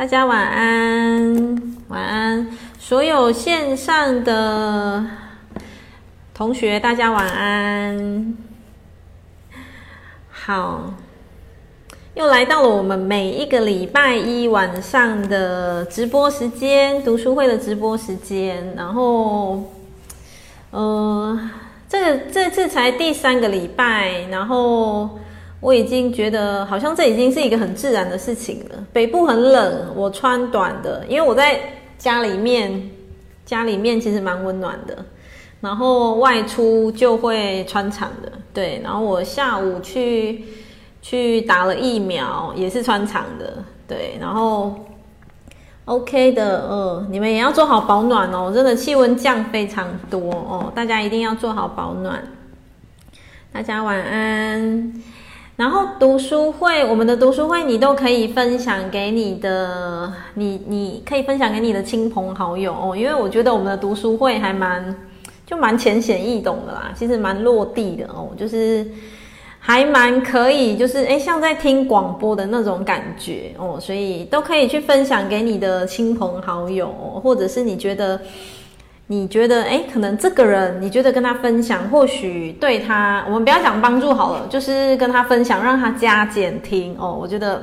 大家晚安，晚安！所有線上的同學，大家晚安。好，又來到了我們每一個禮拜一晚上的直播時間，讀書會的直播時間。然後，嗯、呃，這個這次才第三個禮拜，然後。我已經覺得好像這已經是一個很自然的事情了。北部很冷，我穿短的，因為我在家裡面，家裡面其實蠻溫暖的。然後外出就會穿長的，對。然後我下午去去打了疫苗，也是穿長的，對。然後 OK 的，嗯、呃，你們也要做好保暖哦，真的氣溫降非常多哦，大家一定要做好保暖。大家晚安。然後讀書會，我們的讀書會你都可以分享給你的，你你可以分享給你的親朋好友哦，因為我覺得我們的讀書會還蠻,就蠻淺顯易懂的啦,其實蠻落地的哦,就是還蠻可以,就是,誒,像在聽廣播的那種感覺哦,所以都可以去分享給你的親朋好友,或者是你覺得。你覺得哎、欸，可能這個人，你覺得跟他分享，或許對他，我們不要講幫助好了，就是跟他分享，讓他加減聽哦。我覺得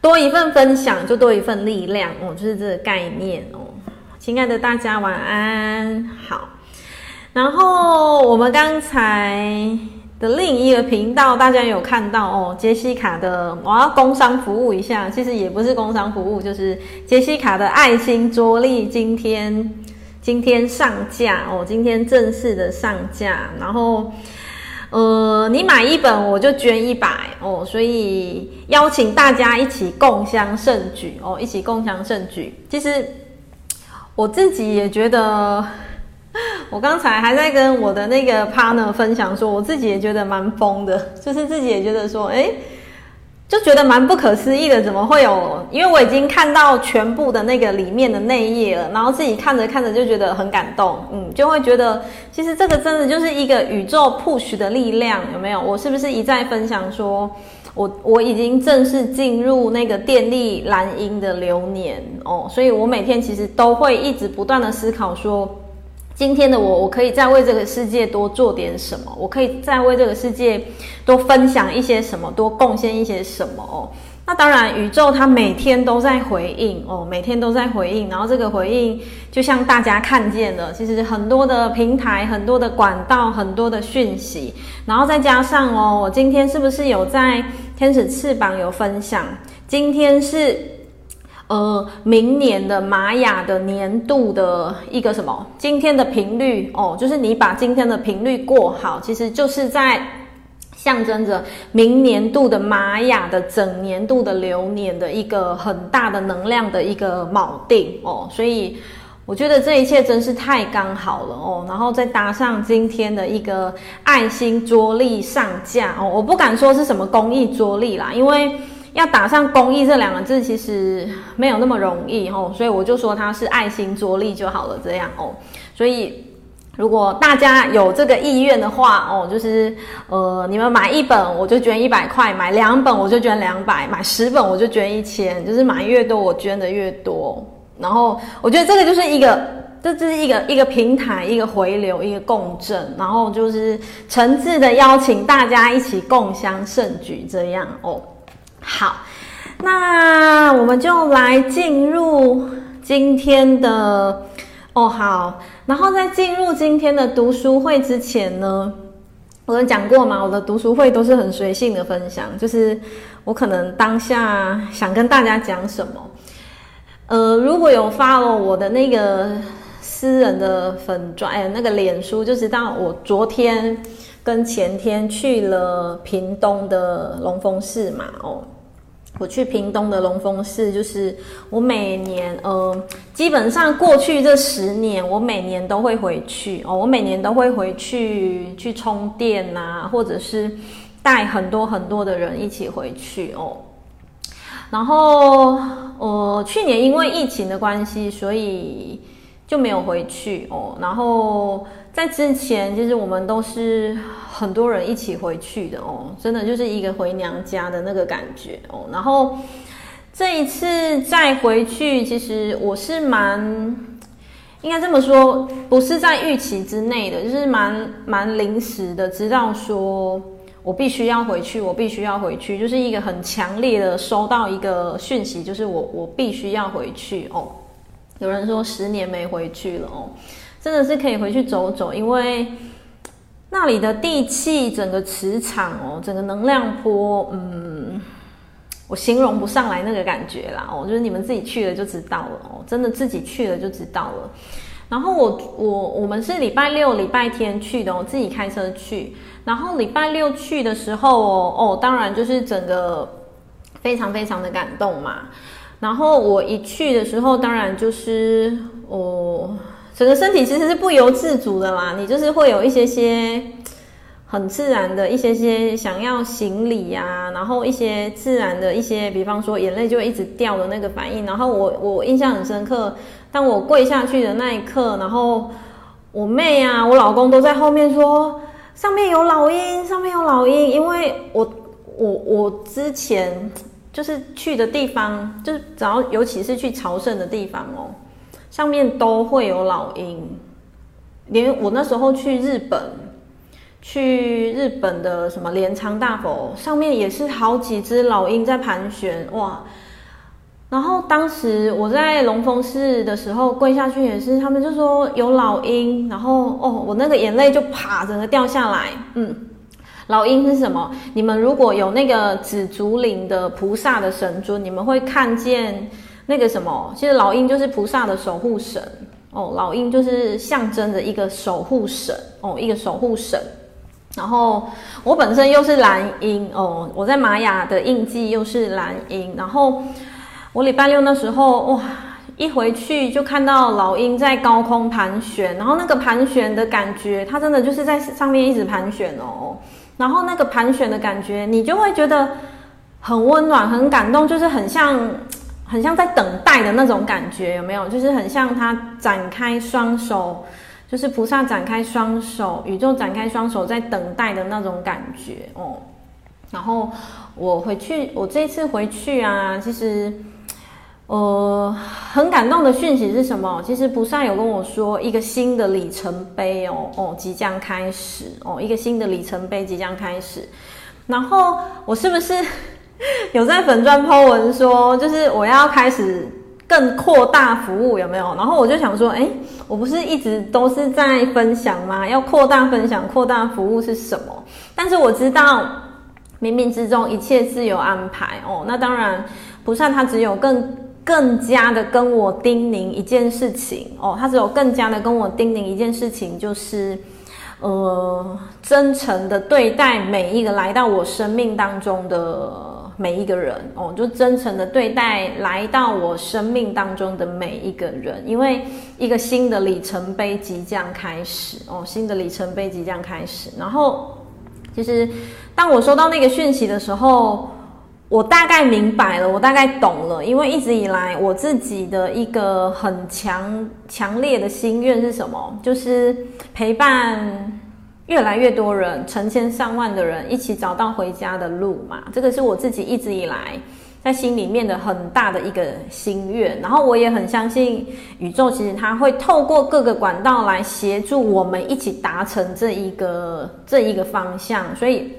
多一份分享就多一份力量哦，就是這個概念哦。親愛的大家晚安。好，然後我們剛才。的另一個頻道，大家有看到哦？潔西卡的，我要工商服務一下，其實也不是工商服務，就是潔西卡的愛心桌曆，今天今天上架哦，今天正式的上架，然後呃，你買一本我就捐一百哦，所以邀請大家一起共襄盛舉哦，一起共襄盛舉。其實我自己也覺得。我剛才還在跟我的那個 partner 分享說，說我自己也覺得蠻瘋的，就是自己也覺得說，誒、欸，就覺得蠻不可思議的，怎麼會有？因為我已經看到全部的那個裡面的內頁了，然後自己看着看着就覺得很感動，嗯，就會覺得其實這個真的就是一個宇宙 push 的力量，有沒有？我是不是一再分享說，我我已經正式進入那個電力藍鷹的流年哦，所以我每天其實都會一直不斷的思考說。今天的我，我可以再為這個世界多做點什麼？我可以再為這個世界多分享一些什麼，多貢獻一些什麼哦。那當然，宇宙它每天都在回應哦，每天都在回應。然後這個回應，就像大家看見的，其實很多的平台、很多的管道、很多的訊息。然後再加上哦，我今天是不是有在天使翅膀有分享？今天是。呃，明年的瑪雅的年度的一個什麼？今天的頻率哦，就是你把今天的頻率過好，其實就是在象徵着明年度的瑪雅的整年度的流年的一個很大的能量的一個錨定哦。所以我覺得這一切真是太剛好了哦。然後再搭上今天的一個愛心桌曆上架哦，我不敢說是什麼公益桌曆啦，因為，要打上“公益”這兩個字，其實沒有那麼容易吼、哦，所以我就說它是愛心助力就好了。這樣哦，所以如果大家有這個意願的話哦，就是呃，你們買一本我就捐一百塊，買兩本我就捐兩百，買十本我就捐一千，就是買越多我捐的越多。然後我覺得這個就是一個，這就是一個一個平台，一個回流，一個共振。然後就是誠摯的邀請大家一起共襄盛舉，這樣哦。好，那我們就來進入今天的哦，好，然後在進入今天的讀書會之前呢，我有講過嗎？我的讀書會都是很隨性的分享，就是我可能當下想跟大家講什麼，呃，如果有發了我的那個私人的粉專、哎，那個臉書就知道我昨天。跟前天去了屏東的龍峰寺嘛，哦，我去屏東的龍峰寺，就是我每年，呃，基本上過去這十年，我每年都會回去哦，我每年都會回去去充電啊，或者是帶很多很多的人一起回去哦，然後，呃，去年因為疫情的關係，所以就沒有回去哦，然後。在之前，其實我們都是很多人一起回去的哦，真的就是一個回娘家的那個感覺哦。然後這一次再回去，其實我是蠻應該這麼說，不是在預期之內的，就是蠻蠻臨時的。知道說我必須要回去，我必須要回去，就是一個很強烈的收到一個訊息，就是我我必須要回去哦。有人說十年沒回去了哦。真的是可以回去走走，因為那裡的地氣、整個磁場哦，整個能量波，嗯，我形容不上來那個感覺啦哦，就是你們自己去了就知道了哦，真的自己去了就知道了。然後我我我們是禮拜六、禮拜天去的我哦，自己開車去。然後禮拜六去的時候哦哦，當然就是整個非常非常的感動嘛。然後我一去的時候，當然就是哦。整個身體其實是不由自主的啦，你就是會有一些些很自然的一些些想要行禮呀、啊，然後一些自然的一些，比方說眼淚就會一直掉的那個反應。然後我我印象很深刻，當我跪下去的那一刻，然後我妹啊，我老公都在後面說：“上面有老鷹，上面有老鷹。”因為我，我我我之前就是去的地方，就是只要尤其是去朝聖的地方哦。上面都會有老鷹，連我那時候去日本，去日本的什麼鎌倉大佛上面也是好幾隻老鷹在盤旋，哇！然後當時我在龍峰寺的時候跪下去也是，他們就說有老鷹，然後哦，我那個眼淚就啪整個掉下來，嗯。老鷹是什麼？你們如果有那個紫竹林的菩薩的神尊，你們會看見。那個什麼，其實老鷹就是菩薩的守護神哦，老鷹就是象徵着一個守護神哦，一個守護神。然後我本身又是藍鷹哦，我在瑪雅的印記又是藍鷹。然後我禮拜六那時候哇，一回去就看到老鷹在高空盤旋，然後那個盤旋的感覺，它真的就是在上面一直盤旋哦。然後那個盤旋的感覺，你就會覺得很溫暖、很感動，就是很像。很像在等待的那種感覺，有沒有？就是很像他展開雙手，就是菩薩展開雙手，宇宙展開雙手，在等待的那種感覺哦。然後我回去，我這次回去啊，其實呃很感動的訊息是什麼？其實菩薩有跟我說，一個新的里程碑哦，哦，即將開始哦，一個新的里程碑即將開始。然後我是不是？有在粉專 po 文說，就是我要開始更擴大服務，有沒有？然後我就想說，哎、欸，我不是一直都是在分享嗎？要擴大分享，擴大服務是什麼？但是我知道冥冥之中一切自有安排哦。那當然，不算，他只有更更加的跟我叮嚀一件事情哦，他只有更加的跟我叮嚀一件事情，就是呃，真誠的對待每一個來到我生命當中的。每一個人哦，就真誠的對待來到我生命當中的每一個人，因為一個新的里程碑即將開始哦，新的里程碑即將開始。然後，其實當我收到那個訊息的時候，我大概明白了，我大概懂了，因為一直以來我自己的一個很強強烈的心願是什麼，就是陪伴。越來越多人，成千上萬的人一起找到回家的路嘛，這個是我自己一直以來在心裡面的很大的一個心願。然後我也很相信宇宙，其實它會透過各個管道來協助我們一起達成這一個、這一個方向。所以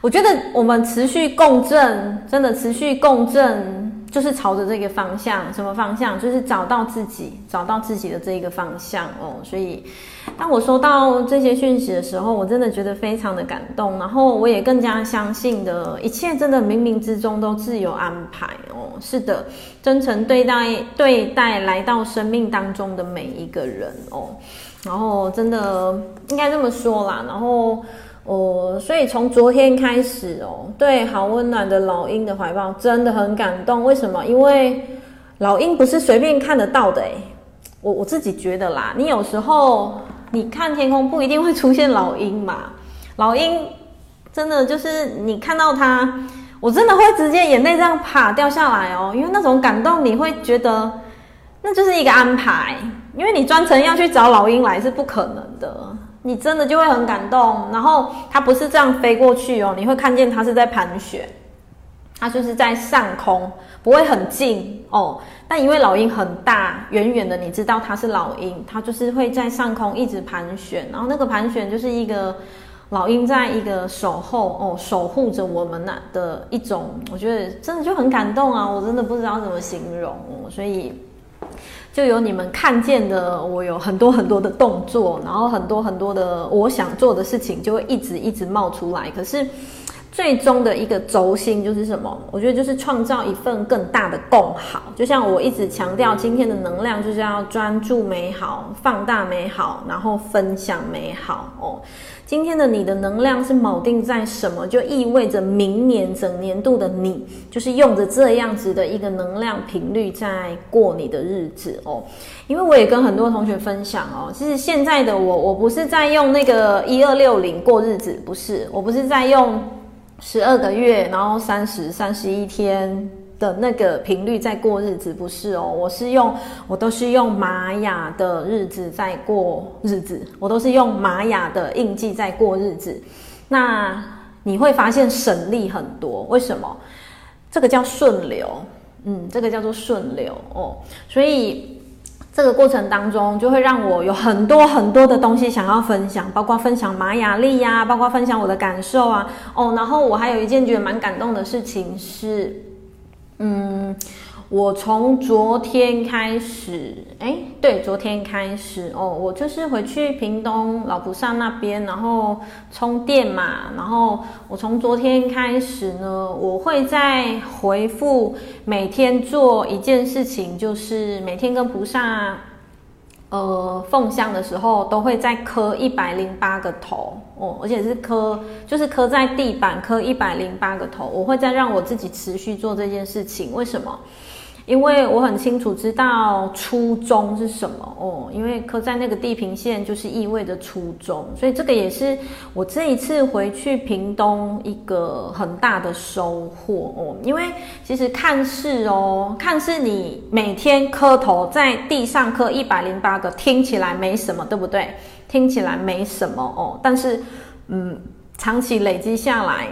我覺得我們持續共振，真的持續共振。就是朝着這個方向，什麼方向？就是找到自己，找到自己的這一個方向哦。所以，當我收到這些訊息的時候，我真的覺得非常的感動。然後，我也更加相信的一切真的冥冥之中都自有安排哦。是的，真誠對待對待來到生命當中的每一個人哦。然後，真的應該這麼說啦。然後。哦、呃，所以從昨天開始哦，對，好溫暖的老鷹的懷抱，真的很感動。為什麼？因為老鷹不是隨便看得到的哎，我我自己覺得啦，你有時候你看天空不一定會出現老鷹嘛。老鷹真的就是你看到它，我真的會直接眼淚這樣啪掉下來哦，因為那種感動你會覺得那就是一個安排，因為你專程要去找老鷹來是不可能的。你真的就會很感動，然後它不是這樣飛過去哦，你會看見它是在盤旋，它就是在上空，不會很近哦。但因為老鷹很大，遠遠的你知道它是老鷹，它就是會在上空一直盤旋，然後那個盤旋就是一個老鷹在一個守候哦，守護着我們那的一種，我覺得真的就很感動啊，我真的不知道怎麼形容哦，所以。就有你們看見的，我有很多很多的動作，然後很多很多的我想做的事情就會一直一直冒出來，可是。最終的一個軸心就是什麼？我覺得就是創造一份更大的共好。就像我一直強調，今天的能量就是要專注美好，放大美好，然後分享美好哦。今天的你的能量是錨定在什麼？就意味着明年整年度的你就是用着這樣子的一個能量頻率在過你的日子哦。因為我也跟很多同學分享哦，其實現在的我，我不是在用那個一二六零過日子，不是，我不是在用。十二個月，然後三十三十一天的那個頻率在過日子，不是哦。我是用，我都是用馬雅的日子在過日子，我都是用馬雅的印記在過日子。那你會發現省力很多，為什麼？這個叫順流，嗯，這個叫做順流哦，所以。這個過程當中，就會讓我有很多很多的東西想要分享，包括分享馬雅曆呀、啊，包括分享我的感受啊，哦，然後我還有一件覺得蠻感動的事情是，嗯。我從昨天開始，哎，對，昨天開始哦，我就是回去屏東老菩薩那邊，然後充電嘛。然後我從昨天開始呢，我會再回復每天做一件事情，就是每天跟菩薩呃奉香的時候，都會再磕一百零八個頭哦，而且是磕，就是磕在地板磕一百零八個頭，我會再讓我自己持續做這件事情，為什麼？因為我很清楚知道初衷是什麼哦，因為磕在那個地平線就是意味着初衷，所以這個也是我這一次回去屏東一個很大的收穫哦。因為其實看似哦，看似你每天磕頭在地上磕一百零八個，聽起來沒什麼，對不對？聽起來沒什麼哦，但是嗯，長期累積下來。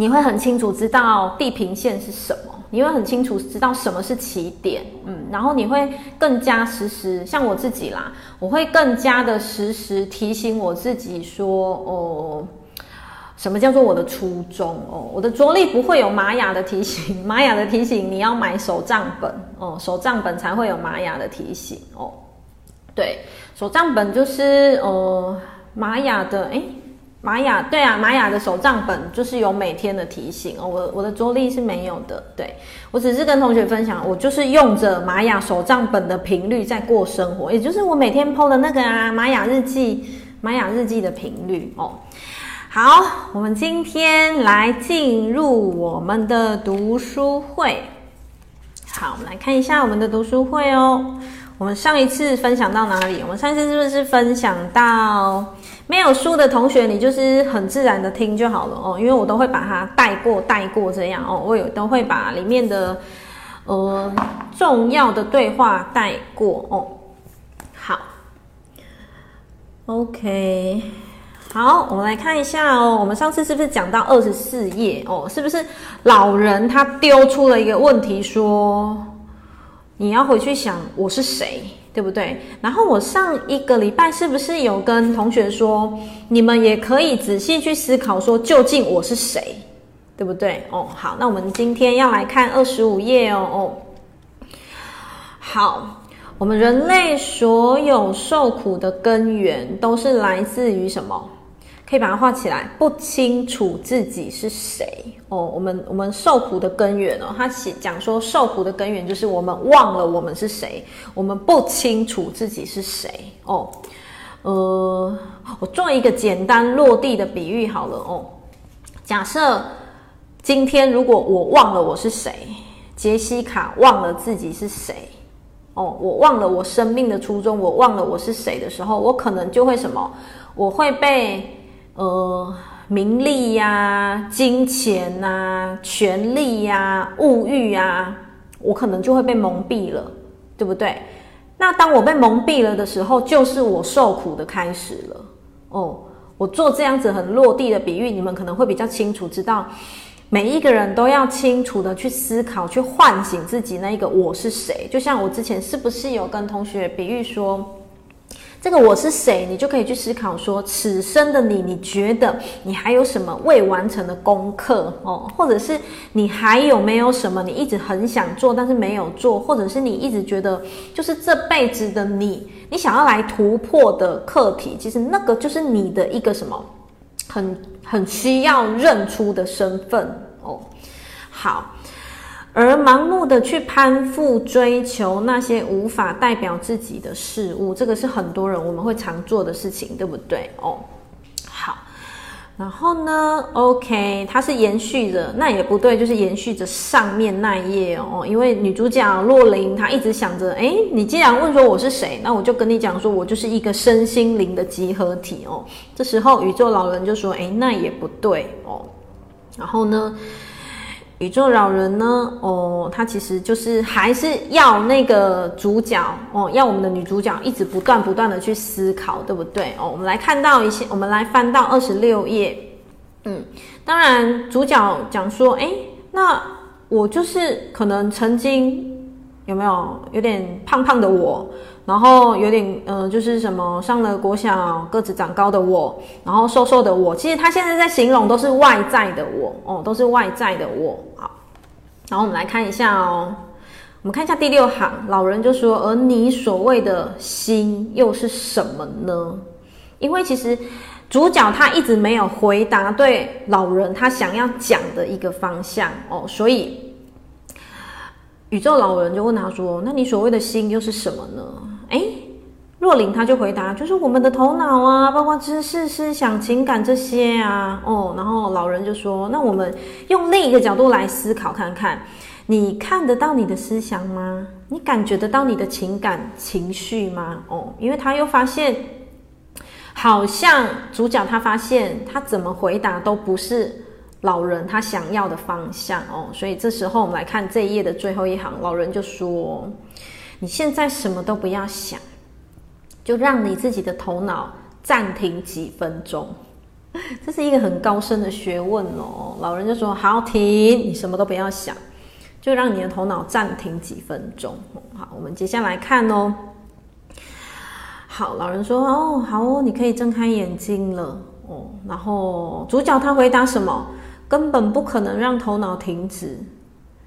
你會很清楚知道地平線是什麼，你會很清楚知道什麼是起點，嗯，然後你會更加實時，像我自己啦，我會更加的實時提醒我自己說，哦、呃，什麼叫做我的初衷哦、呃，我的着力不會有瑪雅的提醒，瑪雅的提醒，你要買手賬本哦、呃，手賬本才會有瑪雅的提醒哦、呃，對，手賬本就是哦、呃，瑪雅的，誒瑪雅，對啊，瑪雅的手賬本就是有每天的提醒哦。我的我的着力是沒有的，對，我只是跟同學分享，我就是用着瑪雅手賬本的頻率在過生活，也就是我每天 PO 的那個啊瑪雅日記，瑪雅日記的頻率哦。好，我們今天來進入我們的讀書會，好，我們來看一下我們的讀書會哦。我們上一次分享到哪裡？我們上一次是不是分享到沒有書的同學，你就是很自然的聽就好了哦，因為我都會把它帶過帶過這樣哦，我有都會把裡面的呃重要的對話帶過哦。好，OK，好，我們來看一下哦，我們上次是不是講到二十四頁哦？是不是老人他丟出了一個問題說？你要回去想我是誰，對不對？然後我上一個禮拜是不是有跟同學說，你們也可以仔細去思考，說究竟我是誰，對不對？哦，好，那我們今天要來看二十五頁哦。哦，好，我們人類所有受苦的根源都是來自於什麼？可以把它畫起來，不清楚自己是誰。哦，我們我們受苦的根源哦，他講說受苦的根源就是我們忘了我們是誰，我們不清楚自己是誰哦。呃，我做一個簡單落地的比喻好了哦。假設今天如果我忘了我是誰，潔西卡忘了自己是誰，哦，我忘了我生命的初衷，我忘了我是誰的時候，我可能就會什麼，我會被呃。名利呀，金錢吶，權力呀，物欲呀，我可能就會被蒙蔽了，對不對？那當我被蒙蔽了的時候，就是我受苦的開始了。哦，我做這樣子很落地的比喻，你們可能會比較清楚知道。每一個人都要清楚的去思考，去喚醒自己那一個我是誰。就像我之前是不是有跟同學比喻說，這個我是誰？你就可以去思考說，此生的你，你覺得你還有什麼未完成的功課哦，或者是你還有沒有什麼你一直很想做，但是沒有做，或者是你一直覺得就是這輩子的你，你想要來突破的課題，其實那個就是你的一個什麼，很很需要認出的身份哦。好。而盲目的去攀附、追求那些無法代表自己的事物，這個是很多人我們會常做的事情，對不對？哦，好，然後呢？OK，它是延續着，那也不對，就是延續着上面那一頁哦，因為女主角洛琳她一直想着，誒，你既然問說我是誰，那我就跟你講說，我就是一個身心靈的集合體哦。這時候宇宙老人就說，誒，那也不對哦。然後呢？宇宙老人呢？哦，他其實就是還是要那個主角哦，要我們的女主角一直不斷不斷的去思考，對不對？哦，我們來看到一些，我們來翻到二十六頁，嗯，當然主角講說，哎，那我就是可能曾經有沒有有點胖胖的我，然後有點嗯、呃，就是什麼上了國小個子長高的我，然後瘦瘦的我，其實他現在在形容都是外在的我，哦，都是外在的我。然後我們來看一下哦，我們看一下第六行，老人就說：“而你所謂的心又是什麼呢？”因為其實主角他一直沒有回答對老人他想要講的一個方向哦，所以宇宙老人就問他說：“那你所謂的心又是什麼呢？”哎。若琳，他就回答，就是我們的頭腦啊，包括知識、思想、情感這些啊，哦，然後老人就說，那我們用另一個角度來思考看看，你看得到你的思想嗎？你感覺得到你的情感情緒嗎？哦，因為他又發現，好像主角他發現他怎麼回答都不是老人他想要的方向哦，所以這時候我們來看這一頁的最後一行，老人就說，你現在什麼都不要想。就讓你自己的頭腦暫停幾分鐘，這是一個很高深的學問哦。老人就說：“好，停，你什麼都不要想，就讓你的頭腦暫停幾分鐘。”好，我們接下來看哦。好，老人說：“哦，好哦，你可以睜開眼睛了哦。”然後主角他回答什麼？根本不可能讓頭腦停止，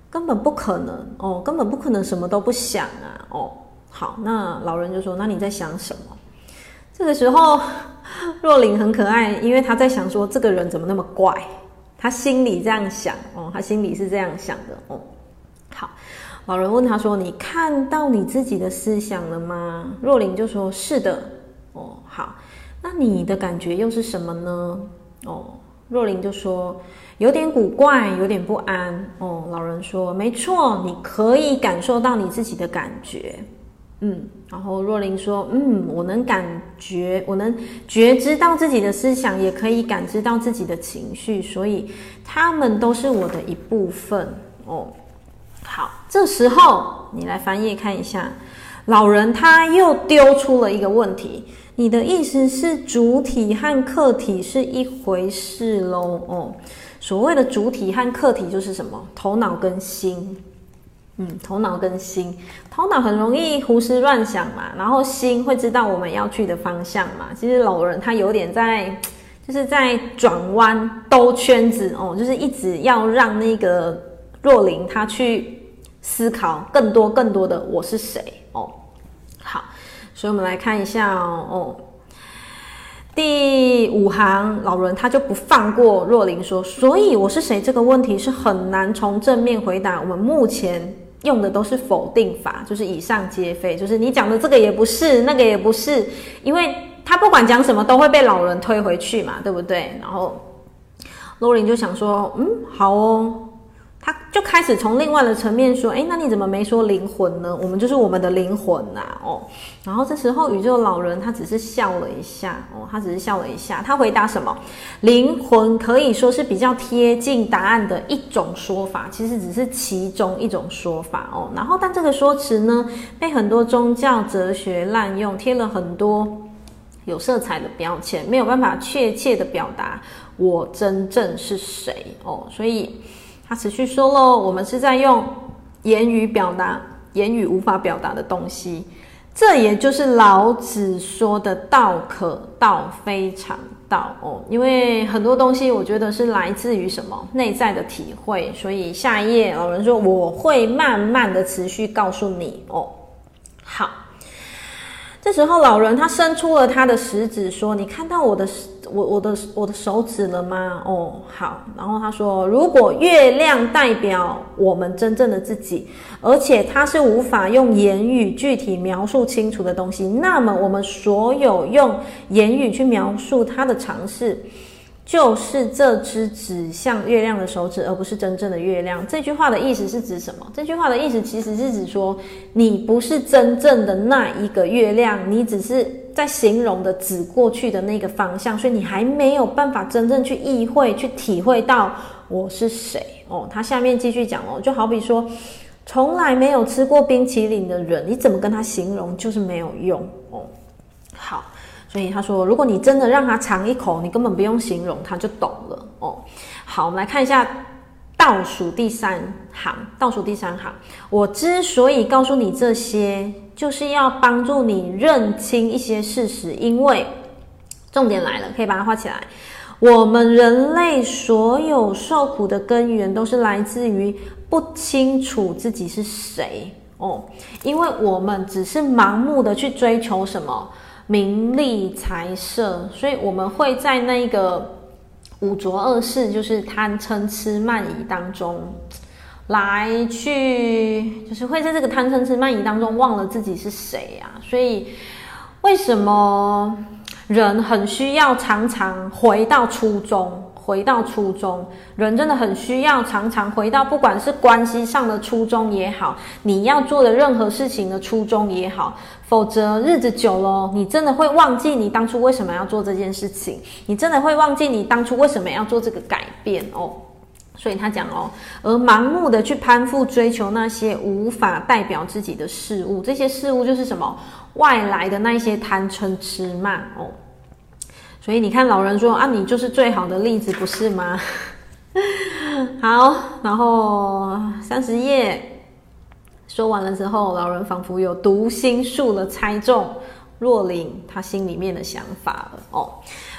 根本不可能哦，根本不可能什麼都不想啊哦。好，那老人就說：“那你在想什麼？”這個時候，若琳很可愛，因為她在想說：“這個人怎麼那麼怪？”她心裡這樣想哦，她心裡是這樣想的哦。好，老人問她說：“你看到你自己的思想了嗎？”若琳就說：“是的。”哦，好，那你的感覺又是什麼呢？哦，若琳就說：“有點古怪，有點不安。”哦，老人說：“沒錯，你可以感受到你自己的感覺。”嗯，然後若琳說：“嗯，我能感覺，我能覺知到自己的思想，也可以感知到自己的情緒，所以他們都是我的一部分哦。”好，這時候你來翻頁看一下，老人他又丟出了一個問題：“你的意思是主體和客體是一回事咯？”哦，所謂的主體和客體就是什麼？頭腦跟心。嗯，頭腦跟心，頭腦很容易胡思亂想嘛，然後心會知道我們要去的方向嘛。其實老人他有點在，就是在轉彎兜圈子哦，就是一直要讓那個若琳他去思考更多更多的我是誰哦。好，所以我們來看一下哦，哦，第五行老人他就不放過若琳說，所以我是誰這個問題是很難從正面回答。我們目前。用的都是否定法，就是以上皆非，就是你講的這個也不是，那個也不是，因為他不管講什麼都會被老人推回去嘛，對不對？然後，羅琳就想說，嗯，好哦。他就開始從另外的層面說：“誒，那你怎麼沒說靈魂呢？我們就是我們的靈魂吶、啊，哦。”然後這時候宇宙老人他只是笑了一下，哦，他只是笑了一下。他回答什麼？靈魂可以說是比較貼近答案的一種說法，其實只是其中一種說法哦。然後，但這個說辭呢，被很多宗教哲學濫用，貼了很多有色彩的標籤，沒有辦法確切的表達我真正是誰哦，所以。他持續說咯，我們是在用言語表達，言語無法表達的東西。這也就是老子說的“道可道，非常道”哦。因為很多東西，我覺得是來自於什麼內在的體會。所以下一頁，老人說，我會慢慢的持續告訴你哦。好，這時候老人他伸出了他的食指，說：“你看到我的我我的我的手指了嗎？哦，好。然後他說，如果月亮代表我們真正的自己，而且它是無法用言語具體描述清楚的東西，那麼我們所有用言語去描述它的嘗試，就是這只指向月亮的手指，而不是真正的月亮。這句話的意思是指什麼？這句話的意思其實是指說，你不是真正的那一個月亮，你只是。在形容的指過去的那個方向，所以你還沒有辦法真正去意會、去體會到我是誰哦。他下面繼續講哦，就好比說，從來沒有吃過冰淇淋的人，你怎麼跟他形容就是沒有用哦。好，所以他說，如果你真的讓他嘗一口，你根本不用形容他，他就懂了哦。好，我們來看一下。倒數第三行，倒數第三行，我之所以告訴你這些，就是要幫助你認清一些事實。因為重點來了，可以把它畫起來。我們人類所有受苦的根源，都是來自於不清楚自己是誰哦。因為我們只是盲目的去追求什麼名利財色，所以我們會在那個。五濁惡世就是貪嗔痴慢疑當中，來去就是會在這個貪嗔痴慢疑當中忘了自己是誰啊，所以為什麼人很需要常常回到初中初衷。回到初衷，人真的很需要常常回到，不管是關係上的初衷也好，你要做的任何事情的初衷也好，否則日子久了，你真的會忘記你當初為什麼要做這件事情，你真的會忘記你當初為什麼要做這個改變哦。所以他講哦，而盲目的去攀附、追求那些無法代表自己的事物，這些事物就是什麼外來的那些貪嗔痴慢哦。所以你看，老人說：“啊，你就是最好的例子，不是嗎？”好，然後三十頁說完了之後，老人仿佛有讀心術的猜中若琳她心裡面的想法了哦。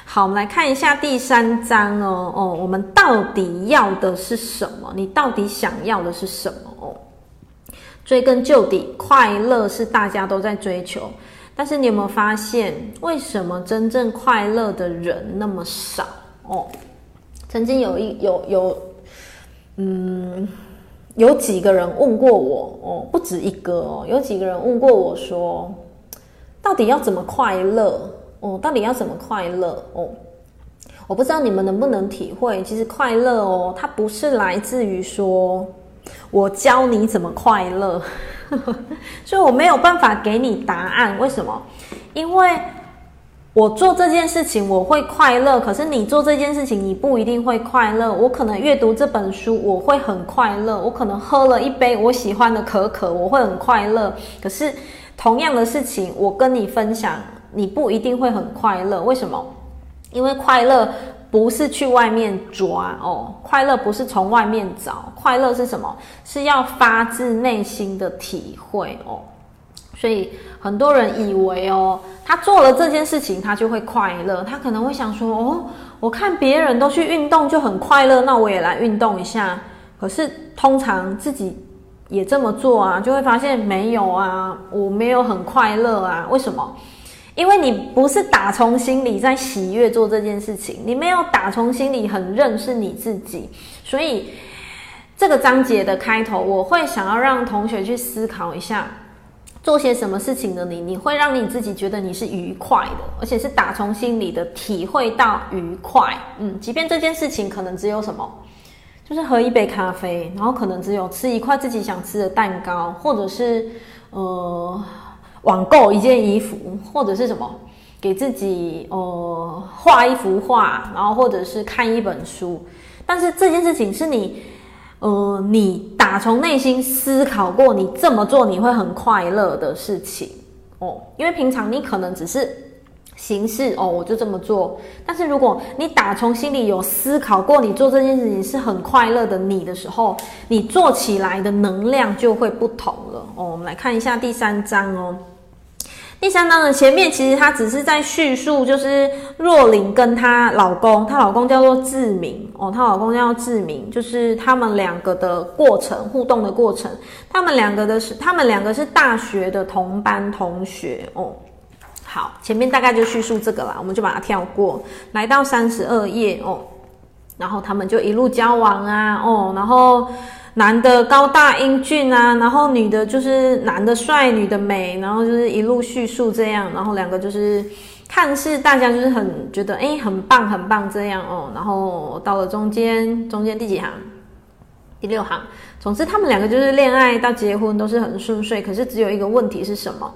好，我們來看一下第三章哦哦，我們到底要的是什麼？你到底想要的是什麼哦？追根究底，快樂是大家都在追求。但是你有沒有發現，為什麼真正快樂的人那麼少哦？曾經有一有有，嗯，有幾個人問過我哦，不止一個哦，有幾個人問過我說，到底要怎麼快樂哦？到底要怎麼快樂哦？我不知道你們能不能體會，其實快樂哦，它不是來自於說我教你怎麼快樂。 所以我沒有辦法給你答案，為什麼？因為我做這件事情，我會快樂，可是你做這件事情，你不一定會快樂。我可能閱讀這本書，我會很快樂，我可能喝了一杯我喜歡的可可，我會很快樂，可是同樣的事情我跟你分享，你不一定會很快樂。為什麼？因為快樂。不是去外面抓哦，快樂不是從外面找，快樂是什麼？是要發自內心的體會哦。所以很多人以為哦，他做了這件事情，他就會快樂，他可能會想說，哦，我看別人都去運動就很快樂，那我也來運動一下。可是通常自己也這麼做啊，就會發現沒有啊，我沒有很快樂啊，為什麼？因為你不是打從心裡在喜悅做這件事情，你沒有打從心裡很認識你自己，所以這個章節的開頭，我會想要讓同學去思考一下，做些什麼事情的你，你會讓你自己覺得你是愉快的，而且是打從心裡的體會到愉快。嗯，即便這件事情可能只有什麼，就是喝一杯咖啡，然後可能只有吃一塊自己想吃的蛋糕，或者是，呃。網購一件衣服，或者是什麼，給自己呃畫一幅畫，然後或者是看一本書，但是這件事情是你，呃，你打從內心思考過，你這麼做你會很快樂的事情哦，因為平常你可能只是形式哦，我就這麼做，但是如果你打從心裡有思考過，你做這件事情是很快樂的你的時候，你做起來的能量就會不同了哦。我們來看一下第三章哦。第三章的前面其實他只是在敘述，就是若琳跟她老公，她老公叫做志明哦，她老公叫志明，就是他們兩個的過程，互動的過程，他們兩個的是，他們兩個是大學的同班同學哦。好，前面大概就敘述這個啦，我們就把它跳過，來到三十二頁哦，然後他們就一路交往啊哦，然後。男的高大英俊啊，然後女的就是男的帥，女的美，然後就是一路敘述這樣，然後兩個就是，看似大家就是很覺得哎、欸、很棒很棒這樣哦，然後到了中間，中間第幾行？第六行。總之他們兩個就是戀愛到結婚都是很順遂，可是只有一個問題是什麼？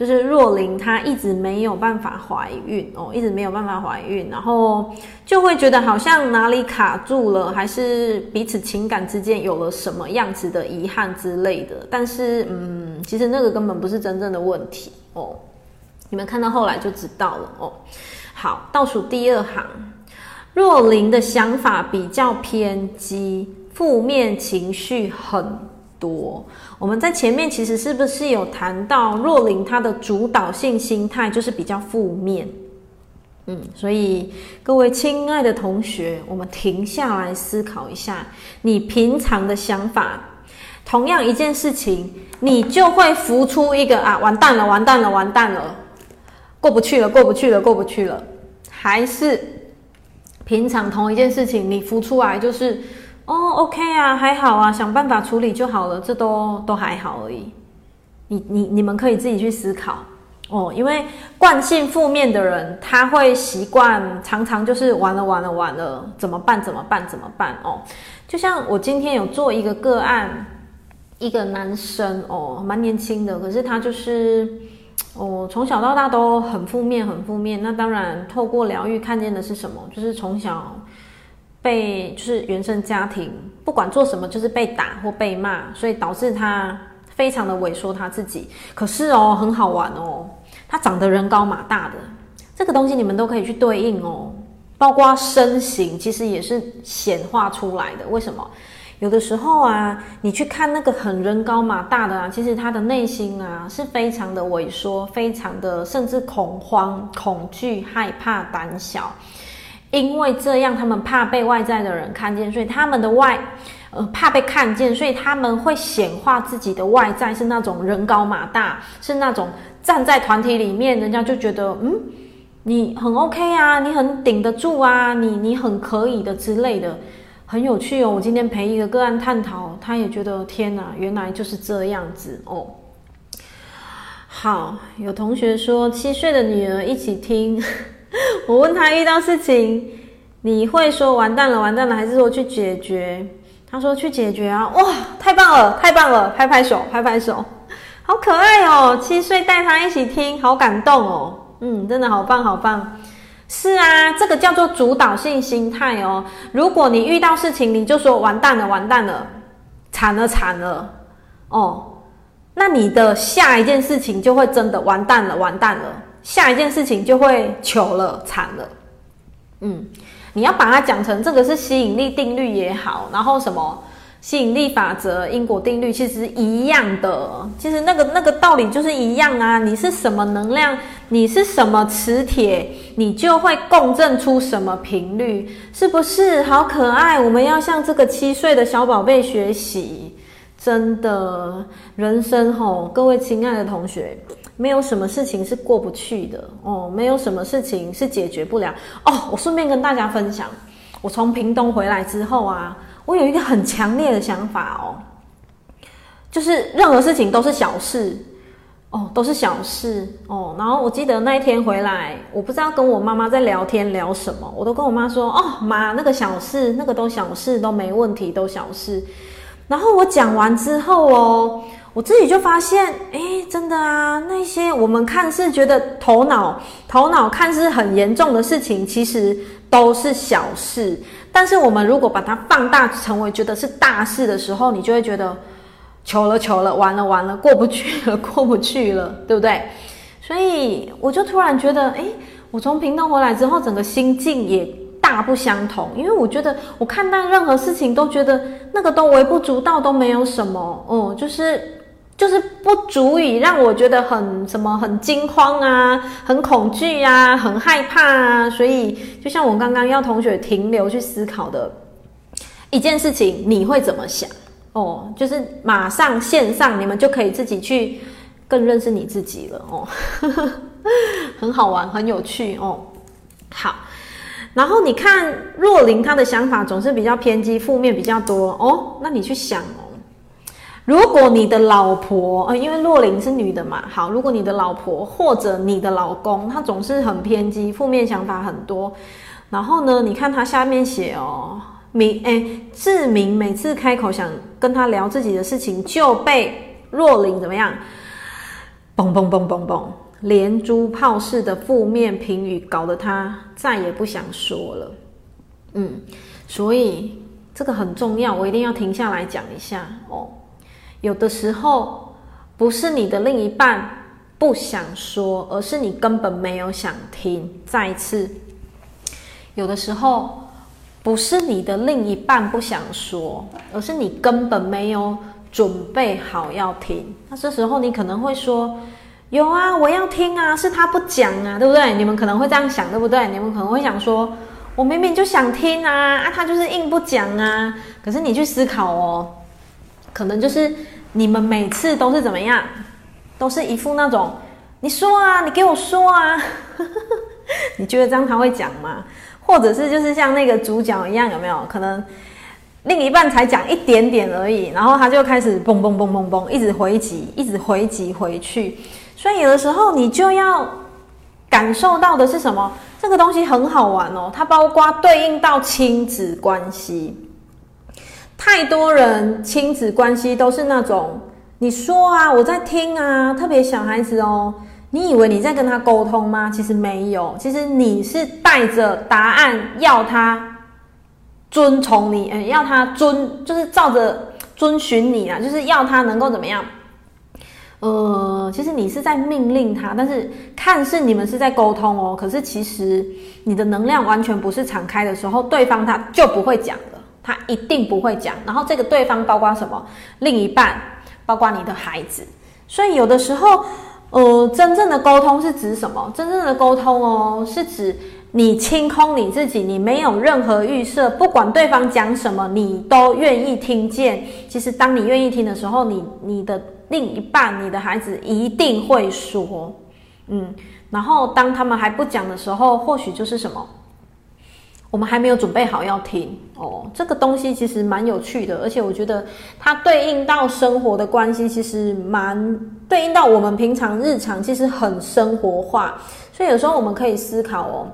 就是若琳，她一直沒有辦法懷孕哦，一直沒有辦法懷孕，然後就會覺得好像哪裡卡住了，還是彼此情感之間有了什麼樣子的遺憾之類的。但是，嗯，其實那個根本不是真正的問題哦。你們看到後來就知道了哦。好，倒數第二行，若琳的想法比較偏激，負面情緒很多。我們在前面其實是不是有談到若琳她的主導性心態就是比較負面？嗯，所以各位親愛的同學，我們停下來思考一下，你平常的想法，同樣一件事情，你就會浮出一個啊，完蛋了，完蛋了，完蛋了，過不去了，過不去了，過不去了，還是平常同一件事情，你浮出來就是。哦，OK 啊，還好啊，想辦法處理就好了，這都都還好而已。你你你們可以自己去思考哦，因為慣性負面的人，他會習慣常常就是完了完了完了，怎麼辦？怎麼辦？怎麼辦？哦，就像我今天有做一個個案，一個男生哦，蠻年輕的，可是他就是哦，從小到大都很負面，很負面。那當然，透過療癒看見的是什麼？就是從小。被就是原生家庭，不管做什麼就是被打或被罵，所以導致他非常的萎縮他自己。可是哦，很好玩哦，他長得人高馬大的這個東西你們都可以去對應哦，包括身形其實也是顯化出來的。為什麼有的時候啊，你去看那個很人高馬大的啊，其實他的內心啊是非常的萎縮，非常的甚至恐慌、恐懼、害怕、膽小。因為這樣，他們怕被外在的人看見，所以他們的外，呃，怕被看見，所以他們會顯化自己的外在是那種人高馬大，是那種站在團體裡面，人家就覺得，嗯，你很 OK 啊，你很頂得住啊，你你很可以的之類的。很有趣哦，我今天陪一個個案探討，他也覺得，天哪，原來就是這樣子哦。好，有同學說七歲的女兒一起聽。我問他遇到事情，你會說完蛋了，完蛋了，還是說去解決？他說去解決啊，哇，太棒了，太棒了，拍拍手，拍拍手，好可愛哦。七歲帶他一起聽，好感動哦。嗯，真的好棒，好棒。是啊，這個叫做主導性心態哦。如果你遇到事情，你就說完蛋了，完蛋了，慘了，慘了，哦，那你的下一件事情就會真的完蛋了，完蛋了。下一件事情就會糗了慘了，嗯，你要把它講成這個是吸引力定律也好，然後什麼吸引力法則、因果定律其實一樣的，其實那個那個道理就是一樣啊。你是什麼能量，你是什麼磁鐵，你就會共振出什麼頻率，是不是？好可愛，我們要向這個七歲的小寶貝學習。真的，人生吼，各位親愛的同學，沒有什麼事情是過不去的哦，沒有什麼事情是解決不了哦。我順便跟大家分享，我從屏東回來之後啊，我有一個很強烈的想法哦，就是任何事情都是小事哦，都是小事哦。然後我記得那一天回來，我不知道跟我媽媽在聊天聊什麼，我都跟我媽說，哦媽，那個小事，那個都小事，都沒問題，都小事。然後我講完之後哦，我自己就發現，誒，真的啊，那些我們看似覺得頭腦、頭腦看似很嚴重的事情，其實都是小事。但是我們如果把它放大，成為覺得是大事的時候，你就會覺得，求了求了，完了完了，過不去了，過不去了，對不對？所以我就突然覺得，誒，我從屏東回來之後，整個心境也大不相同，因為我覺得我看待任何事情都覺得那個都微不足道，都沒有什麼，哦、嗯，就是就是不足以讓我覺得很什麼很驚慌啊，很恐懼啊，很害怕啊。所以就像我剛剛要同學停留去思考的一件事情，你會怎麼想？哦，就是馬上線上你們就可以自己去更認識你自己了哦，呵呵，很好玩，很有趣哦，好。然後你看若琳，她的想法總是比較偏激，負面比較多哦。那你去想哦，如果你的老婆，呃，因為若琳是女的嘛，好，如果你的老婆或者你的老公，她總是很偏激，負面想法很多。然後呢，你看她下面寫哦，明，哎，欸，志明每次開口想跟她聊自己的事情，就被若琳怎麼樣？嘣嘣嘣嘣嘣！連珠炮式的負面評語，搞得他再也不想說了。嗯，所以這個很重要，我一定要停下來講一下哦。有的時候不是你的另一半不想說，而是你根本沒有想聽。再一次，有的時候不是你的另一半不想說，而是你根本沒有，準備好要聽，那這時候你可能會說：“有啊，我要聽啊，是他不講啊，對不對？”你們可能會這樣想，對不對？你們可能會想說：“我明明就想聽啊，啊，他就是硬不講啊。”可是你去思考哦，可能就是你們每次都是怎麼樣，都是一副那種：“你說啊，你給我說啊。 ”你覺得這樣他會講嗎？或者是就是像那個主角一樣，有沒有可能？另一半才講一點點而已，然後他就開始嘣嘣嘣嘣嘣，一直回擊，一直回擊回去。所以有的時候你就要感受到的是什麼？這個東西很好玩哦，它包括對應到親子關係。太多人親子關係都是那種，你說啊，我在聽啊，特別小孩子哦，你以為你在跟他溝通嗎？其實沒有，其實你是帶着答案要他。遵從你、欸，要他遵，就是照着遵循你啊，就是要他能夠怎麼樣？呃，其實你是在命令他，但是看似你們是在溝通哦，可是其實你的能量完全不是敞開的時候，對方他就不會講了，他一定不會講。然後這個對方包括什麼？另一半，包括你的孩子。所以有的時候，呃，真正的溝通是指什麼？真正的溝通哦，是指。你清空你自己，你沒有任何預設，不管對方講什麼，你都願意聽見。其實當你願意聽的時候，你你的另一半、你的孩子一定會說，嗯。然後當他們還不講的時候，或許就是什麼，我們還沒有準備好要聽哦。這個東西其實蠻有趣的，而且我覺得它對應到生活的關係，其實蠻對應到我們平常日常，其實很生活化。所以有時候我們可以思考哦。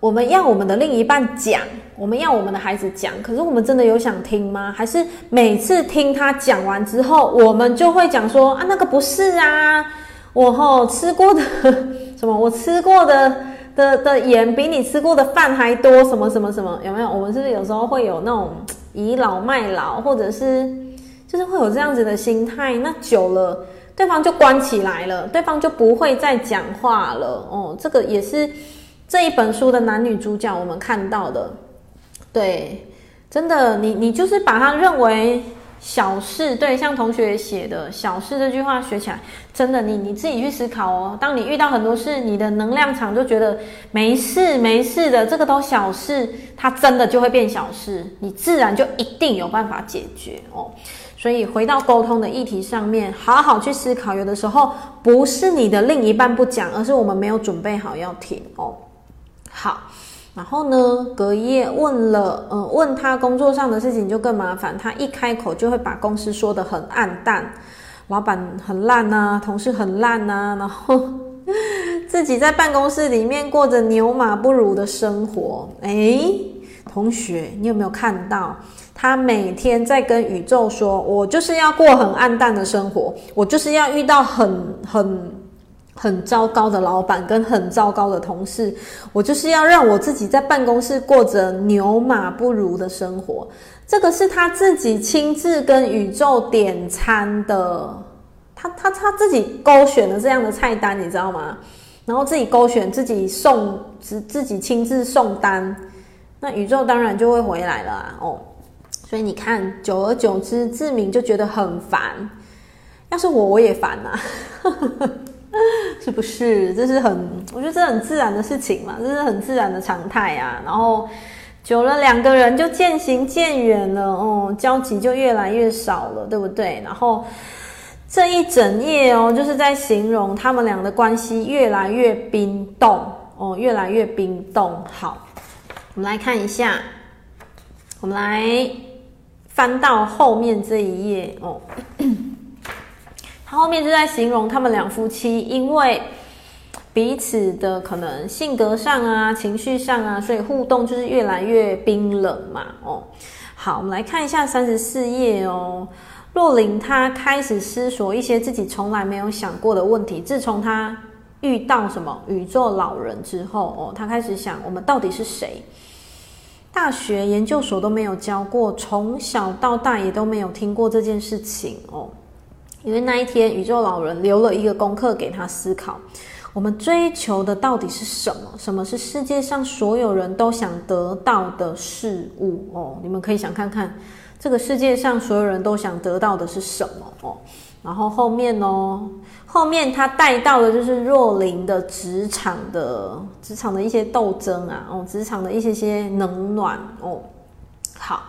我們要我們的另一半講，我們要我們的孩子講，可是我們真的有想聽嗎？還是每次聽他講完之後，我們就會講說啊，那個不是啊，我吼、哦、吃過的什麼，我吃過的的的鹽比你吃過的飯還多，什麼什麼什麼，有沒有？我們是不是有時候會有那種倚老賣老，或者是就是會有這樣子的心態？那久了，對方就關起來了，對方就不會再講話了。哦，這個也是。這一本書的男女主角，我們看到的，對，真的，你你就是把它認為小事，對，像同學寫的小事這句話學起來，真的，你你自己去思考哦。當你遇到很多事，你的能量場就覺得沒事沒事的，這個都小事，它真的就會變小事，你自然就一定有辦法解決哦。所以回到溝通的議題上面，好好去思考，有的時候不是你的另一半不講，而是我們沒有準備好要聽哦。好，然後呢，隔夜問了，嗯、呃，問他工作上的事情就更麻煩。他一開口就會把公司說得很暗淡，老闆很爛啊，同事很爛啊。然後自己在辦公室裡面過着牛馬不如的生活。哎，同學，你有沒有看到他每天在跟宇宙說：“我就是要過很暗淡的生活，我就是要遇到很很。”很糟糕的老闆跟很糟糕的同事，我就是要讓我自己在辦公室過着牛馬不如的生活。這個是他自己親自跟宇宙點餐的，他他他自己勾選了這樣的菜單，你知道嗎？然後自己勾選，自己送，自己親自送單，那宇宙當然就會回來了、啊、哦。所以你看，久而久之，志明就覺得很煩。要是我，我也煩啊。是不是？這是很，我覺得這很自然的事情嘛，這是很自然的常態啊。然後久了，兩個人就漸行漸遠了哦，交集就越來越少了，對不對？然後這一整頁哦，就是在形容他們倆的關係越來越冰凍哦，越來越冰凍。好，我們來看一下，我們來翻到後面這一頁哦。 他後面就在形容他們兩夫妻，因為彼此的可能性格上啊、情緒上啊，所以互動就是越來越冰冷嘛。哦，好，我們來看一下三十四頁哦。若琳她開始思索一些自己從來沒有想過的問題。自從她遇到什麼宇宙老人之後，哦，她開始想，我們到底是誰？大學研究所都沒有教過，從小到大也都沒有聽過這件事情哦。因為那一天，宇宙老人留了一個功課給他思考：我們追求的到底是什麼？什麼是世界上所有人都想得到的事物？哦，你們可以想看看，這個世界上所有人都想得到的是什麼？哦，然後後面哦，後面他帶到的就是若琳的職場的職場的一些鬥爭啊，哦，職場的一些些冷暖哦，好。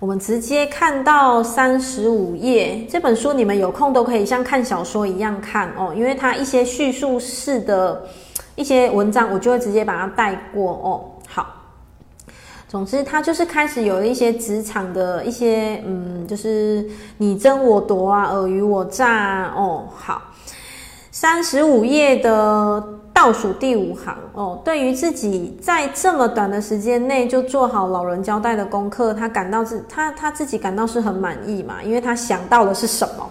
我們直接看到三十五頁這本書，你們有空都可以像看小說一樣看哦，因為它一些敘述式的一些文章，我就會直接把它帶過哦。好，總之它就是開始有一些職場的一些，嗯，就是你爭我奪啊，爾虞我詐啊，哦。好。三十五頁的倒數第五行哦，對於自己在這麼短的時間內就做好老人交代的功課，他感到自他他自己感到是很滿意嘛，因為他想到的是什麼？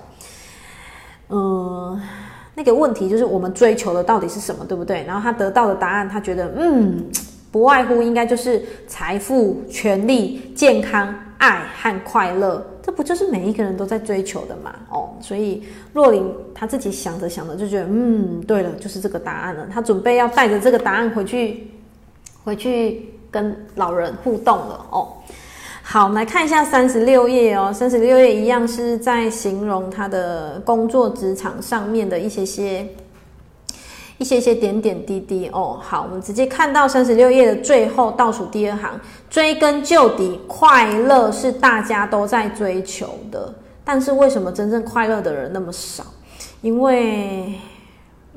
嗯，那個問題就是我們追求的到底是什麼，對不對？然後他得到的答案，他覺得嗯，不外乎應該就是財富、權力、健康、愛和快樂。那不就是每一個人都在追求的嘛？哦，所以若琳她自己想着想着就覺得，嗯，對了，就是這個答案了。她準備要帶着這個答案回去，回去跟老人互動了。哦，好，我們來看一下三十六頁哦，三十六頁一樣是在形容他的工作職場上面的一些些。一些些點點滴滴哦，好，我們直接看到三十六頁的最後倒數第二行，追根究底，快樂是大家都在追求的，但是為什麼真正快樂的人那麼少？因為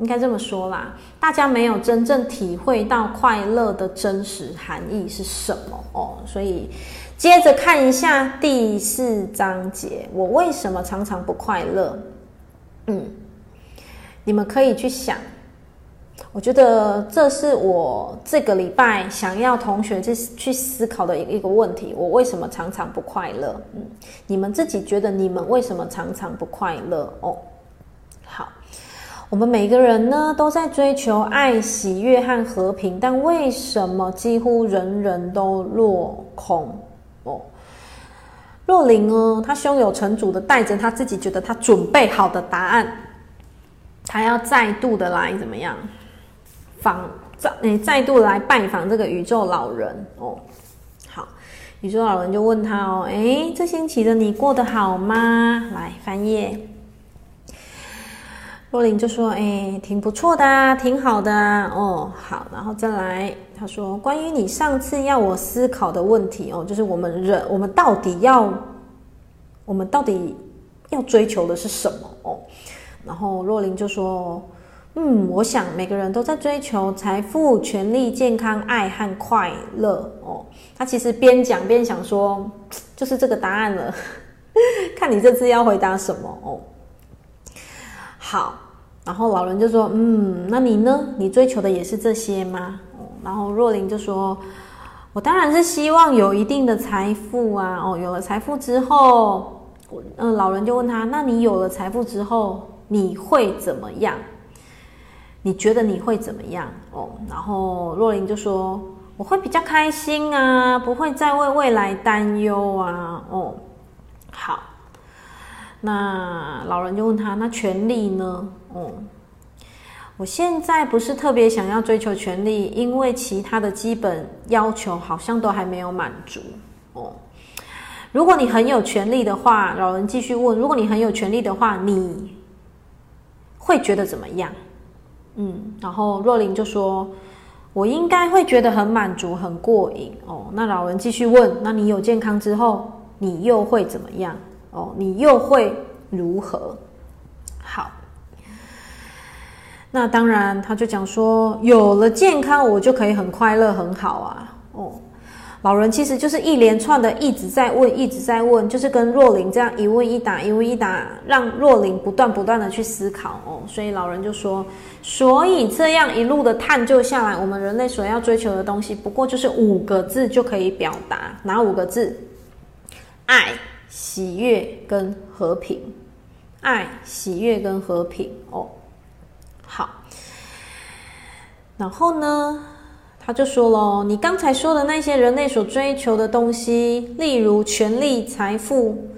應該這麼說啦，大家沒有真正體會到快樂的真實含義是什麼哦。所以接着看一下第四章節，我為什麼常常不快樂？嗯，你們可以去想。我覺得這是我這個禮拜想要同學去去思考的一個一個問題。我為什麼常常不快樂？嗯，你們自己覺得你們為什麼常常不快樂？哦，好，我們每個人呢都在追求愛、喜悅和和平，但為什麼幾乎人人都落空？哦，若琳哦，她胸有成竹的帶着她自己覺得她準備好的答案，她要再度的來怎麼樣？訪再誒、欸，再度來拜訪這個宇宙老人哦。好，宇宙老人就問他哦，哎、欸，這星期的你過得好嗎？來，翻頁。若琳就說，哎、欸，挺不錯的，挺好的哦。好，然後再來，他說，關於你上次要我思考的問題哦，就是我們人，我們到底要，我們到底要追求的是什麼哦？然後若琳就說。嗯，我想每個人都在追求財富、權力、健康、愛和快樂哦。他其實邊講邊想說，就是這個答案了。看你這次要回答什麼哦。好，然後老人就說：“嗯，那你呢？你追求的也是這些嗎？”哦，然後若琳就說：“我當然是希望有一定的財富啊。哦，有了財富之後，嗯，老人就問他：那你有了財富之後，你會怎麼樣？”你覺得你會怎麼樣哦？Oh, 然後若琳就說：“我會比較開心啊，不會再為未來擔憂啊。”哦，好。那老人就問他：“那權力呢？哦，oh，我現在不是特別想要追求權力，因為其他的基本要求好像都還沒有滿足。”哦，如果你很有權力的話，老人繼續問：“如果你很有權力的話，你會覺得怎麼樣？”嗯，然後若琳就說：“我應該會覺得很滿足，很過癮哦。”那老人繼續問：“那你有健康之後，你又會怎麼樣？哦，你又會如何？”好，那當然，他就講說：“有了健康，我就可以很快樂，很好啊。”哦。老人其實就是一連串的一直在問，一直在問，就是跟若琳這樣一問一答，一問一答，讓若琳不斷不斷的去思考哦。所以老人就說，所以這樣一路的探究下來，我們人類所要追求的東西，不過就是五個字就可以表達，哪五個字？愛、喜悅跟和平，愛、喜悅跟和平哦。好，然後呢？他就說了：“你剛才說的那些人類所追求的東西，例如權力、財富、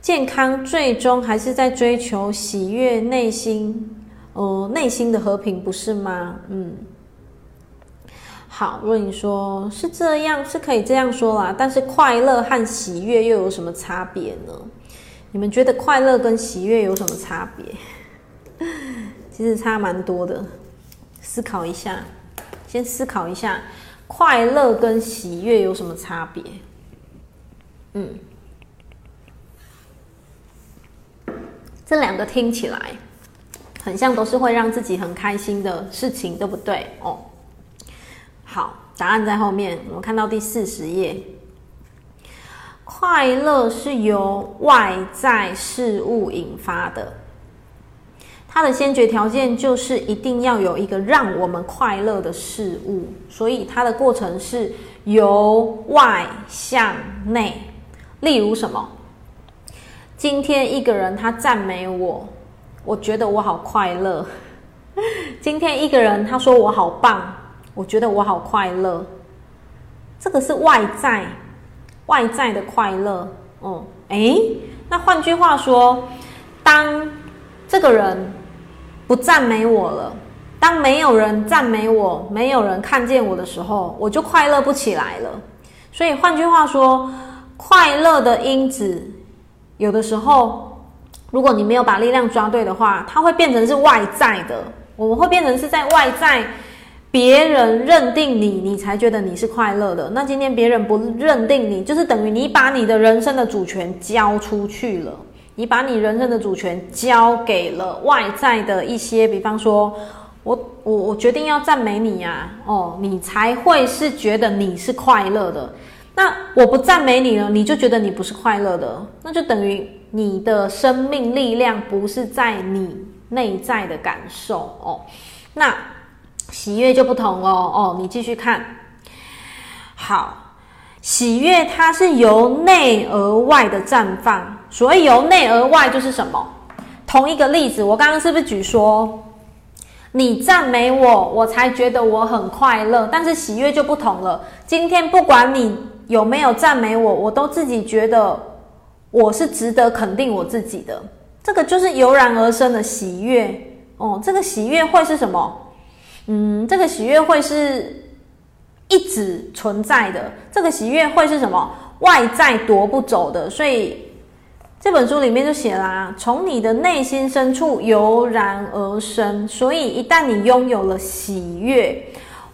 健康，最終還是在追求喜悅、內心，呃，內心的和平，不是嗎？”嗯，好。如果你說：“是這樣，是可以這樣說啦。但是快樂和喜悅又有什麼差別呢？你們覺得快樂跟喜悅有什麼差別？其實差蠻多的，思考一下。”先思考一下，快樂跟喜悅有什麼差別？嗯，這兩個聽起來很像，都是會讓自己很開心的事情，對不對？哦，好，答案在後面。我們看到第四十頁，快樂是由外在事物引發的。他的先決條件就是一定要有一個讓我們快樂的事物，所以他的過程是由外向內。例如什麼？今天一個人他讚美我，我覺得我好快樂。今天一個人他說我好棒，我覺得我好快樂。這個是外在，外在的快樂。哦，誒，那換句話說，當這個人，不讚美我了，當沒有人讚美我，沒有人看見我的時候，我就快樂不起來了。所以換句話說，快樂的因子，有的時候，如果你沒有把力量抓對的話，它會變成是外在的。我們會變成是在外在，別人認定你，你才覺得你是快樂的。那今天別人不認定你，就是等於你把你的人生的主權交出去了。你把你人生的主權交給了外在的一些，比方說我，我我我決定要讚美你呀、啊，哦，你才會是覺得你是快樂的。那我不讚美你呢，你就覺得你不是快樂的，那就等於你的生命力量不是在你內在的感受哦。那喜悅就不同哦，哦，你繼續看，好，喜悅它是由內而外的綻放。所以由內而外就是什麼？同一個例子，我剛剛是不是舉說，你讚美我，我才覺得我很快樂。但是喜悅就不同了，今天不管你有沒有讚美我，我都自己覺得我是值得肯定我自己的。這個就是油然而生的喜悅哦。這個喜悅會是什麼？嗯，這個喜悅會是一直存在的。這個喜悅會是什麼？外在奪不走的，所以。這本書裡面就寫啦，啊，從你的內心深處油然而生。所以，一旦你擁有了喜悅，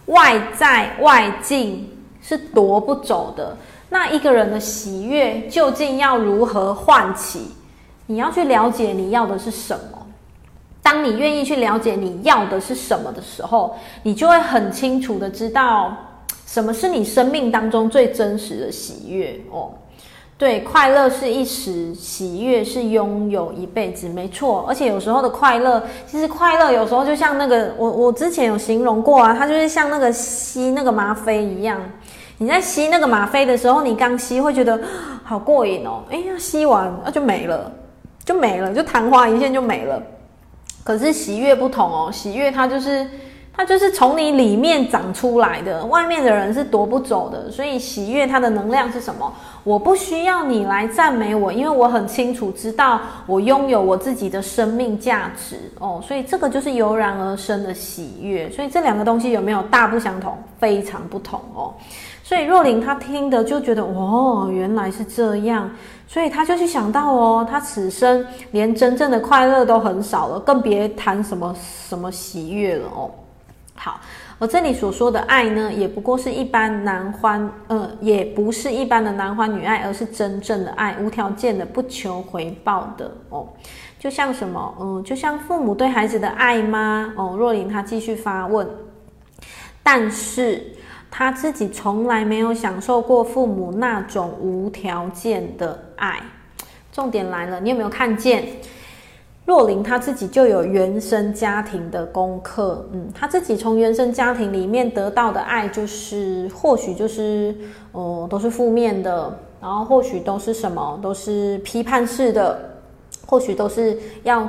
外在外境是奪不走的。那一個人的喜悅究竟要如何喚起？你要去了解你要的是什麼。當你願意去了解你要的是什麼的時候，你就會很清楚的知道什麼是你生命當中最真實的喜悅哦。對，快樂是一時，喜悅是擁有一輩子，沒錯。而且有時候的快樂，其實快樂有時候就像那個，我我之前有形容過啊，它就是像那個吸那個嗎啡一樣。你在吸那個嗎啡的時候，你剛吸會覺得好過癮哦，哎呀，要吸完那、啊、就沒了，就沒了，就曇花一現就沒了。可是喜悅不同哦，喜悅它就是它就是從你裡面長出來的，外面的人是奪不走的。所以喜悅它的能量是什麼？我不需要你來讚美我，因為我很清楚知道我擁有我自己的生命價值哦，所以這個就是油然而生的喜悅。所以這兩個東西有沒有大不相同？非常不同哦。所以若琳她聽的就覺得哦，原來是這樣，所以她就去想到哦，她此生連真正的快樂都很少了，更別談什麼什麼喜悅了哦。好。我這裡所說的愛呢，也不過是一般男歡，呃，也不是一般的男歡女愛，而是真正的愛，無條件的、不求回報的哦。就像什麼，嗯，就像父母對孩子的愛嗎？哦，若琳她繼續發問，但是她自己從來沒有享受過父母那種無條件的愛。重點來了，你有沒有看見？若琳她自己就有原生家庭的功課，嗯，她自己從原生家庭裡面得到的愛，就是或許就是，哦、呃，都是負面的，然後或許都是什麼，都是批判式的，或許都是要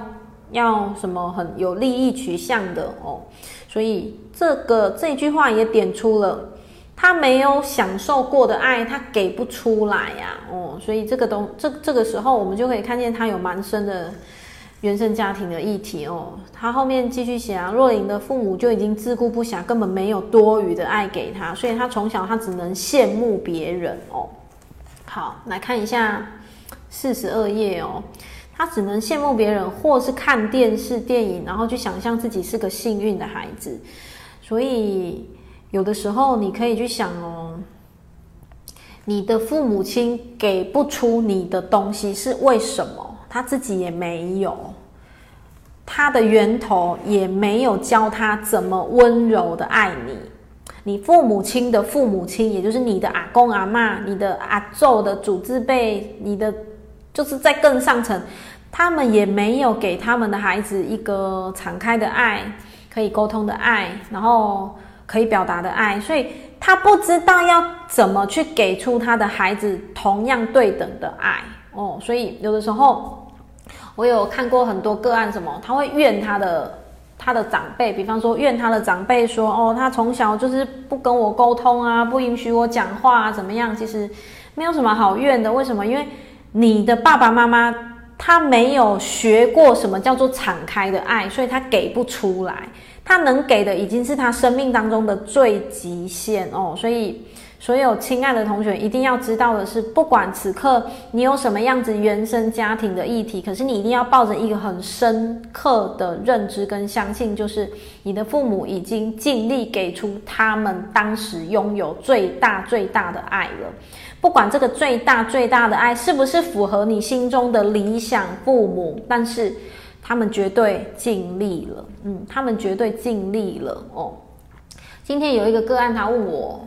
要什麼很有利益取向的哦，所以這個這一句話也點出了，他沒有享受過的愛，他給不出來呀、啊，哦，所以這個東這這個時候我們就可以看見他有蠻深的。原生家庭的議題哦，他後面繼續寫啊，若琳的父母就已經自顧不暇，根本沒有多餘的愛給他，所以他從小他只能羨慕別人哦。好，來看一下四十二頁哦，他只能羨慕別人，或是看電視電影，然後去想象自己是個幸運的孩子。所以有的時候你可以去想哦，你的父母親給不出你的東西是為什麼？他自己也沒有，他的源頭也沒有教他怎麼溫柔的愛你。你父母親的父母親，也就是你的阿公阿嬤、你的阿祖的祖字輩，你的就是在更上層，他們也沒有給他們的孩子一個敞開的愛，可以溝通的愛，然後可以表達的愛，所以他不知道要怎麼去給出他的孩子同樣對等的愛哦。所以有的時候。我有看過很多個案，什麼他會怨他的他的長輩，比方說怨他的長輩說，哦，他從小就是不跟我溝通啊，不允許我講話啊，怎麼樣？其實沒有什麼好怨的，為什麼？因為你的爸爸媽媽他沒有學過什麼叫做敞開的愛，所以他給不出來，他能給的已經是他生命當中的最極限哦，所以。所有親愛的同學，一定要知道的是，不管此刻你有什麼樣子原生家庭的議題，可是你一定要抱着一個很深刻的認知跟相信，就是你的父母已經盡力給出他們當時擁有最大最大的愛了。不管這個最大最大的愛是不是符合你心中的理想父母，但是他們絕對盡力了。嗯，他們絕對盡力了。哦，今天有一個個案，他問我。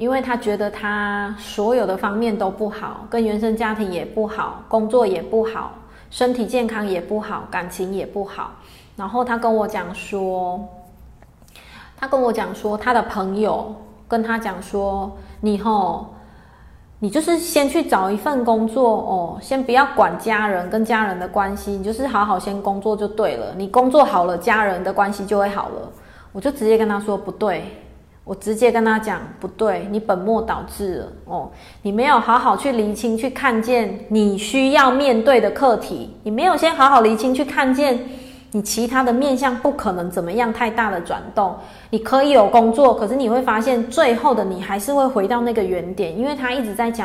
因為他覺得他所有的方面都不好，跟原生家庭也不好，工作也不好，身體健康也不好，感情也不好。然後他跟我講說，他跟我講說，他的朋友跟他講說，你吼，你就是先去找一份工作哦，先不要管家人跟家人的關係，你就是好好先工作就對了。你工作好了，家人的關係就會好了。我就直接跟他說不對。我直接跟他講，不對，你本末倒置了哦，你沒有好好去釐清，去看見你需要面對的課題，你沒有先好好釐清，去看見你其他的面向，不可能怎麼樣太大的轉動。你可以有工作，可是你會發現最後的你還是會回到那個原點，因為他一直在講，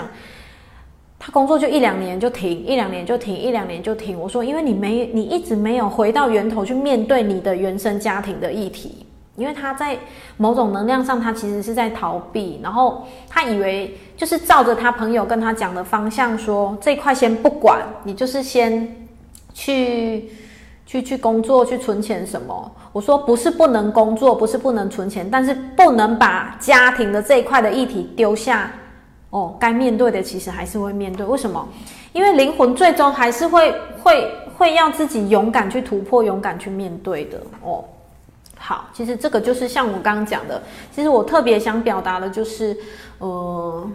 他工作就一兩年就停，一兩年就停，一兩年就停。我說，因為你沒，你一直沒有回到源頭去面對你的原生家庭的議題。因為他在某種能量上，他其實是在逃避，然後他以為就是照着他朋友跟他講的方向說，這一塊先不管，你就是先去去去工作去存錢什麼。我說不是不能工作，不是不能存錢，但是不能把家庭的這一塊的議題丟下。哦，該面對的其實還是會面對。為什麼？因為靈魂最終還是會會會要自己勇敢去突破，勇敢去面對的。哦。好，其實這個就是像我剛剛講的，其實我特別想表達的就是，呃，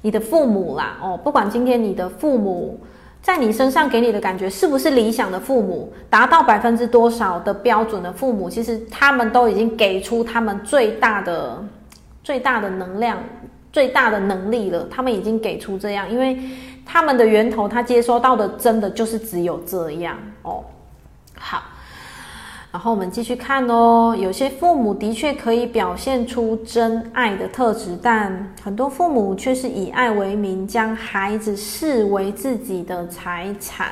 你的父母啦，哦，不管今天你的父母在你身上給你的感覺是不是理想的父母，達到百分之多少的標準的父母，其實他們都已經給出他們最大的、最大的能量、最大的能力了，他們已經給出這樣，因為他們的源頭他接收到的真的就是只有這樣哦。好。然後我們繼續看哦，有些父母的確可以表現出真愛的特質，但很多父母卻是以愛為名，將孩子視為自己的財產，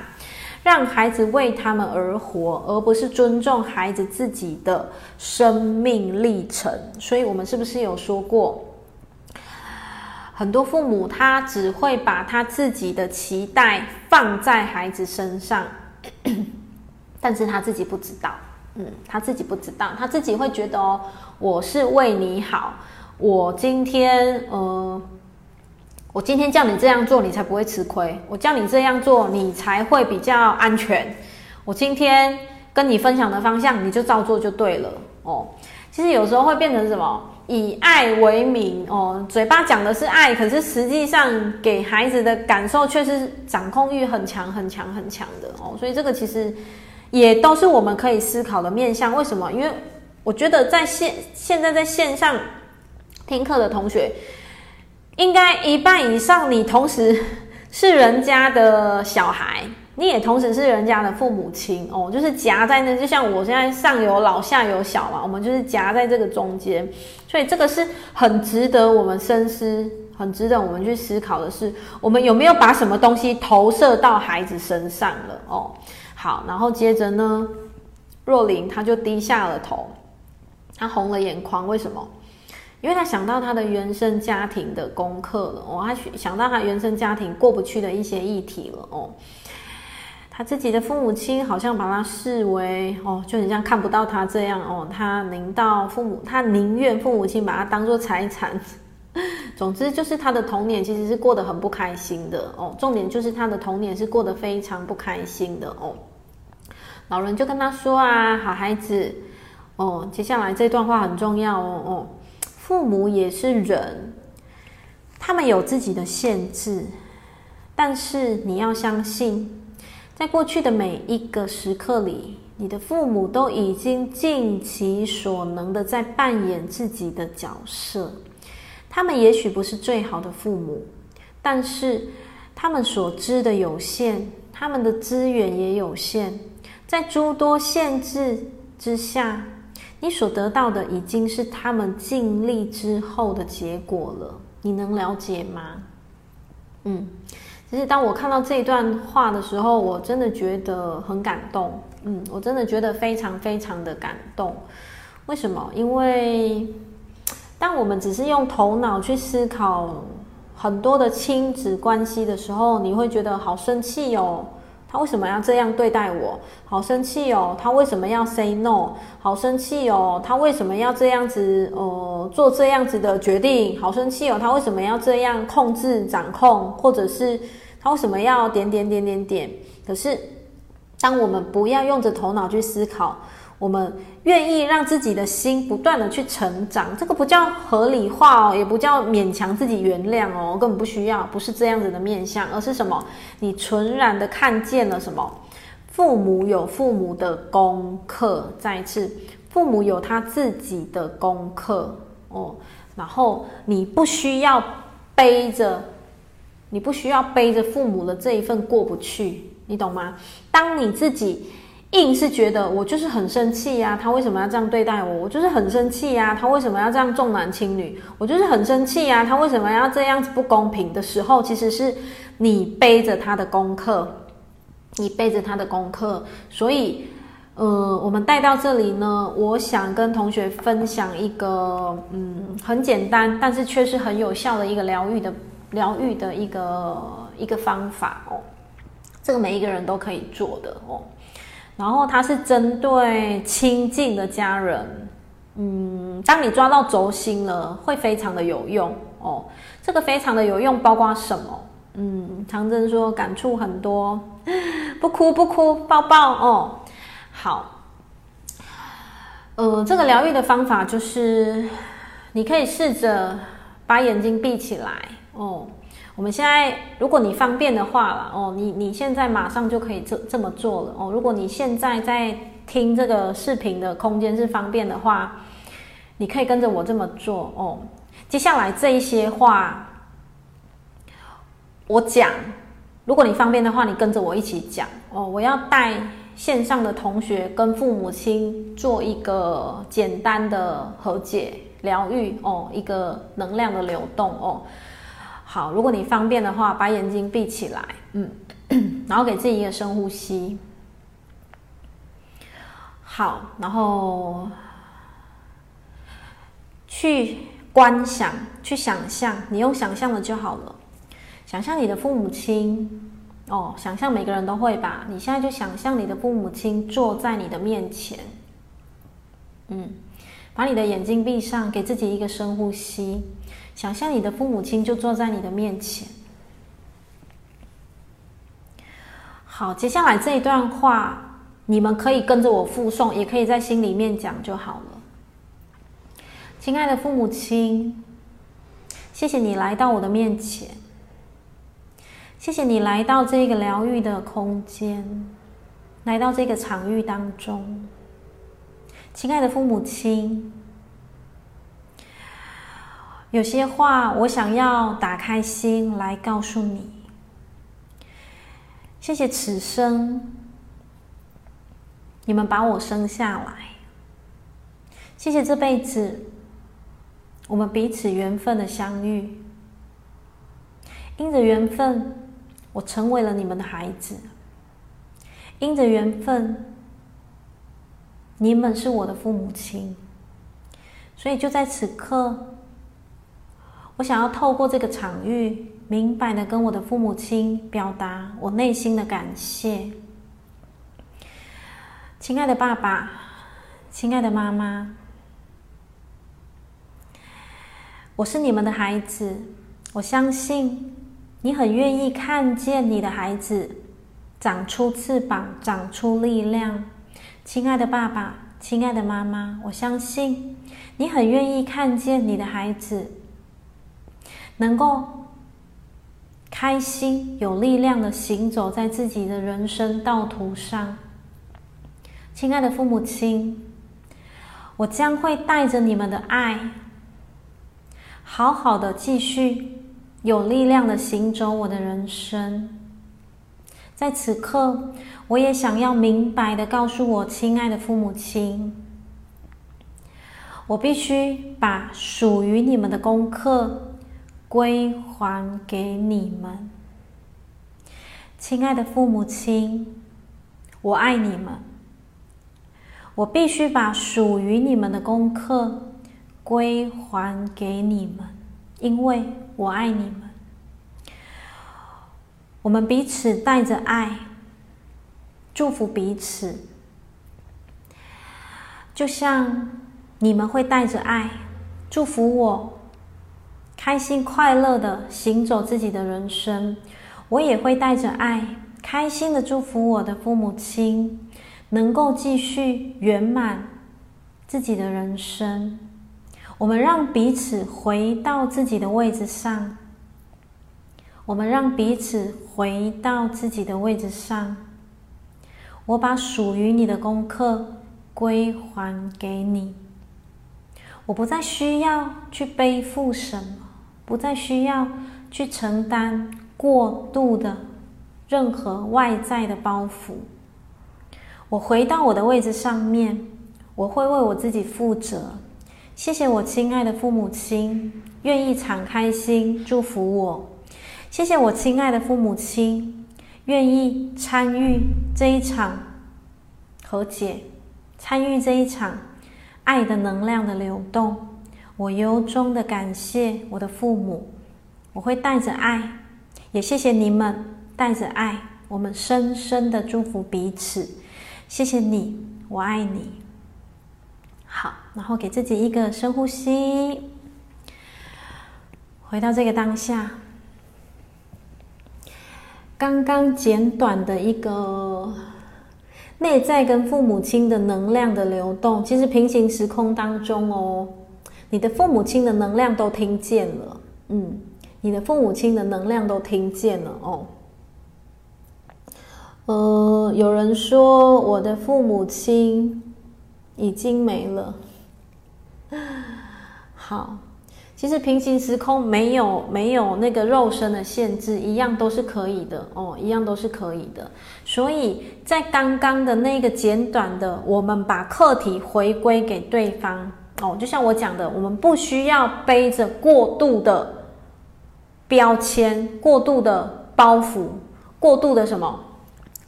讓孩子為他們而活，而不是尊重孩子自己的生命歷程。所以我們是不是有說過，很多父母他只會把他自己的期待放在孩子身上，但是他自己不知道。嗯，他自己不知道，他自己會覺得哦，我是為你好，我今天呃，我今天叫你這樣做，你才不會吃虧；我叫你這樣做，你才會比較安全。我今天跟你分享的方向，你就照做就對了哦。其實有時候會變成什麼？以愛為名哦，嘴巴講的是愛，可是實際上給孩子的感受卻是掌控欲很強、很強、很強的哦。所以這個其實。也都是我們可以思考的面向。為什麼？因為我覺得在線，現在在線上聽課的同學，應該一半以上，你同時是人家的小孩，你也同時是人家的父母親哦，就是夾在那，就像我現在上有老下有小嘛，我們就是夾在這個中間，所以這個是很值得我們深思，很值得我們去思考的是，我們有沒有把什麼東西投射到孩子身上了哦？好，然後接着呢，若琳她就低下了頭，她紅了眼眶。為什麼？因為她想到她的原生家庭的功課了，哦，她想到她原生家庭過不去的一些議題了，哦，她自己的父母親好像把她視為，哦，就很像看不到她這樣，哦，她寧到父母，她寧願父母親把她當做財產。總之，就是她的童年其實是過得很不開心的，哦，重點就是她的童年是過得非常不開心的，哦。老人就跟他說：“啊，好孩子，哦，接下來這段話很重要哦哦，父母也是人，他們有自己的限制，但是你要相信，在過去的每一個時刻裡，你的父母都已經盡其所能的在扮演自己的角色。他們也許不是最好的父母，但是他們所知的有限，他們的資源也有限。”在諸多限制之下，你所得到的已經是他們盡力之後的結果了。你能了解嗎？嗯，其實當我看到這段話的時候，我真的覺得很感動。嗯，我真的覺得非常非常的感動。為什麼？因為當我們只是用頭腦去思考很多的親子關係的時候，你會覺得好生氣喲。他為什麼要這樣對待我？好生氣哦！他為什麼要 say no？好生氣哦！他為什麼要這樣子？呃，做這樣子的決定？好生氣哦！他為什麼要這樣控制、掌控？或者是他為什麼要點點點點點？可是，當我們不要用着頭腦去思考。我們願意讓自己的心不斷的去成長，這個不叫合理化哦，也不叫勉強自己原諒哦，根本不需要，不是這樣子的面相，而是什麼？你純然的看見了什麼？父母有父母的功課，再一次，父母有他自己的功課哦，然後你不需要背着，你不需要背着父母的這一份過不去，你懂嗎？當你自己。硬是覺得我就是很生氣呀，他為什麼要這樣對待我？我就是很生氣呀，他為什麼要這樣重男輕女？我就是很生氣呀，他為什麼要這樣子不公平的時候，其實是你背着他的功課，你背着他的功課。所以，呃，我們帶到這裡呢，我想跟同學分享一個，嗯，很簡單，但是卻是很有效的一個療癒的療癒的一個一個方法哦。這個每一個人都可以做的哦。然後它是針對親近的家人，嗯，當你抓到軸心了，會非常的有用哦。這個非常的有用，包括什麼？嗯，長征說感觸很多，不哭不哭，抱抱哦。好，呃，這個療癒的方法就是，你可以試着把眼睛閉起來哦。我們現在，如果你方便的話啦哦，你你現在馬上就可以這這麼做了哦。如果你現在在聽這個視頻的空間是方便的話，你可以跟着我這麼做哦。接下來這一些話，我講，如果你方便的話，你跟着我一起講哦。我要帶線上的同學跟父母親做一個簡單的和解、療癒哦，一個能量的流動哦。好，如果你方便的話，把眼睛閉起來，嗯，然後給自己一個深呼吸。好，然後去觀想，去想象，你用想象的就好了。想象你的父母親，哦，想象每個人都會吧。你現在就想象你的父母親坐在你的面前，嗯，把你的眼睛閉上，給自己一個深呼吸。想象你的父母親就坐在你的面前。好，接下來這一段話，你們可以跟着我複誦，也可以在心裡面講就好了。親愛的父母親，謝謝你來到我的面前，謝謝你來到這個療癒的空間，來到這個場域當中。親愛的父母親。有些話，我想要打開心來告訴你。謝謝此生，你們把我生下來。謝謝這輩子，我們彼此緣分的相遇。因着緣分，我成為了你們的孩子。因着緣分，你們是我的父母親。所以就在此刻。我想要透過這個場域，明白地跟我的父母親表達我內心的感謝。親愛的爸爸，親愛的媽媽，我是你們的孩子。我相信你很願意看見你的孩子長出翅膀，長出力量。親愛的爸爸，親愛的媽媽，我相信你很願意看見你的孩子能夠開心、有力量的行走在自己的人生道途上，親愛的父母親，我將會帶着你們的愛，好好的繼續有力量的行走我的人生。在此刻，我也想要明白的告訴我親愛的父母親，我必須把屬於你們的功課。歸還給你們，親愛的父母親，我愛你們。我必須把屬於你們的功課歸還給你們，因為我愛你們。我們彼此帶着愛祝福彼此，就像你們會帶着愛祝福我。開心快樂的行走自己的人生，我也會帶着愛，開心的祝福我的父母親，能夠繼續圓滿自己的人生。我們讓彼此回到自己的位置上，我們讓彼此回到自己的位置上。我把屬於你的功課歸還給你，我不再需要去背負什麼。不再需要去承擔過度的任何外在的包袱。我回到我的位置上面，我會為我自己負責。謝謝我親愛的父母親願意敞開心祝福我，謝謝我親愛的父母親願意參與這一場和解，參與這一場愛的能量的流動。我由衷的感謝我的父母，我會帶着愛，也謝謝你們帶着愛，我們深深的祝福彼此。謝謝你，我愛你。好，然後給自己一個深呼吸，回到這個當下。剛剛簡短的一個內在跟父母親的能量的流動，其實平行時空當中哦。你的父母親的能量都聽見了，嗯，你的父母親的能量都聽見了哦。呃，有人說我的父母親已經沒了。好，其實平行時空沒有沒有那個肉身的限制，一樣都是可以的哦，一樣都是可以的。所以在剛剛的那個簡短的，我們把課題回歸給對方。哦，就像我講的，我們不需要背着過度的標籤、過度的包袱、過度的什麼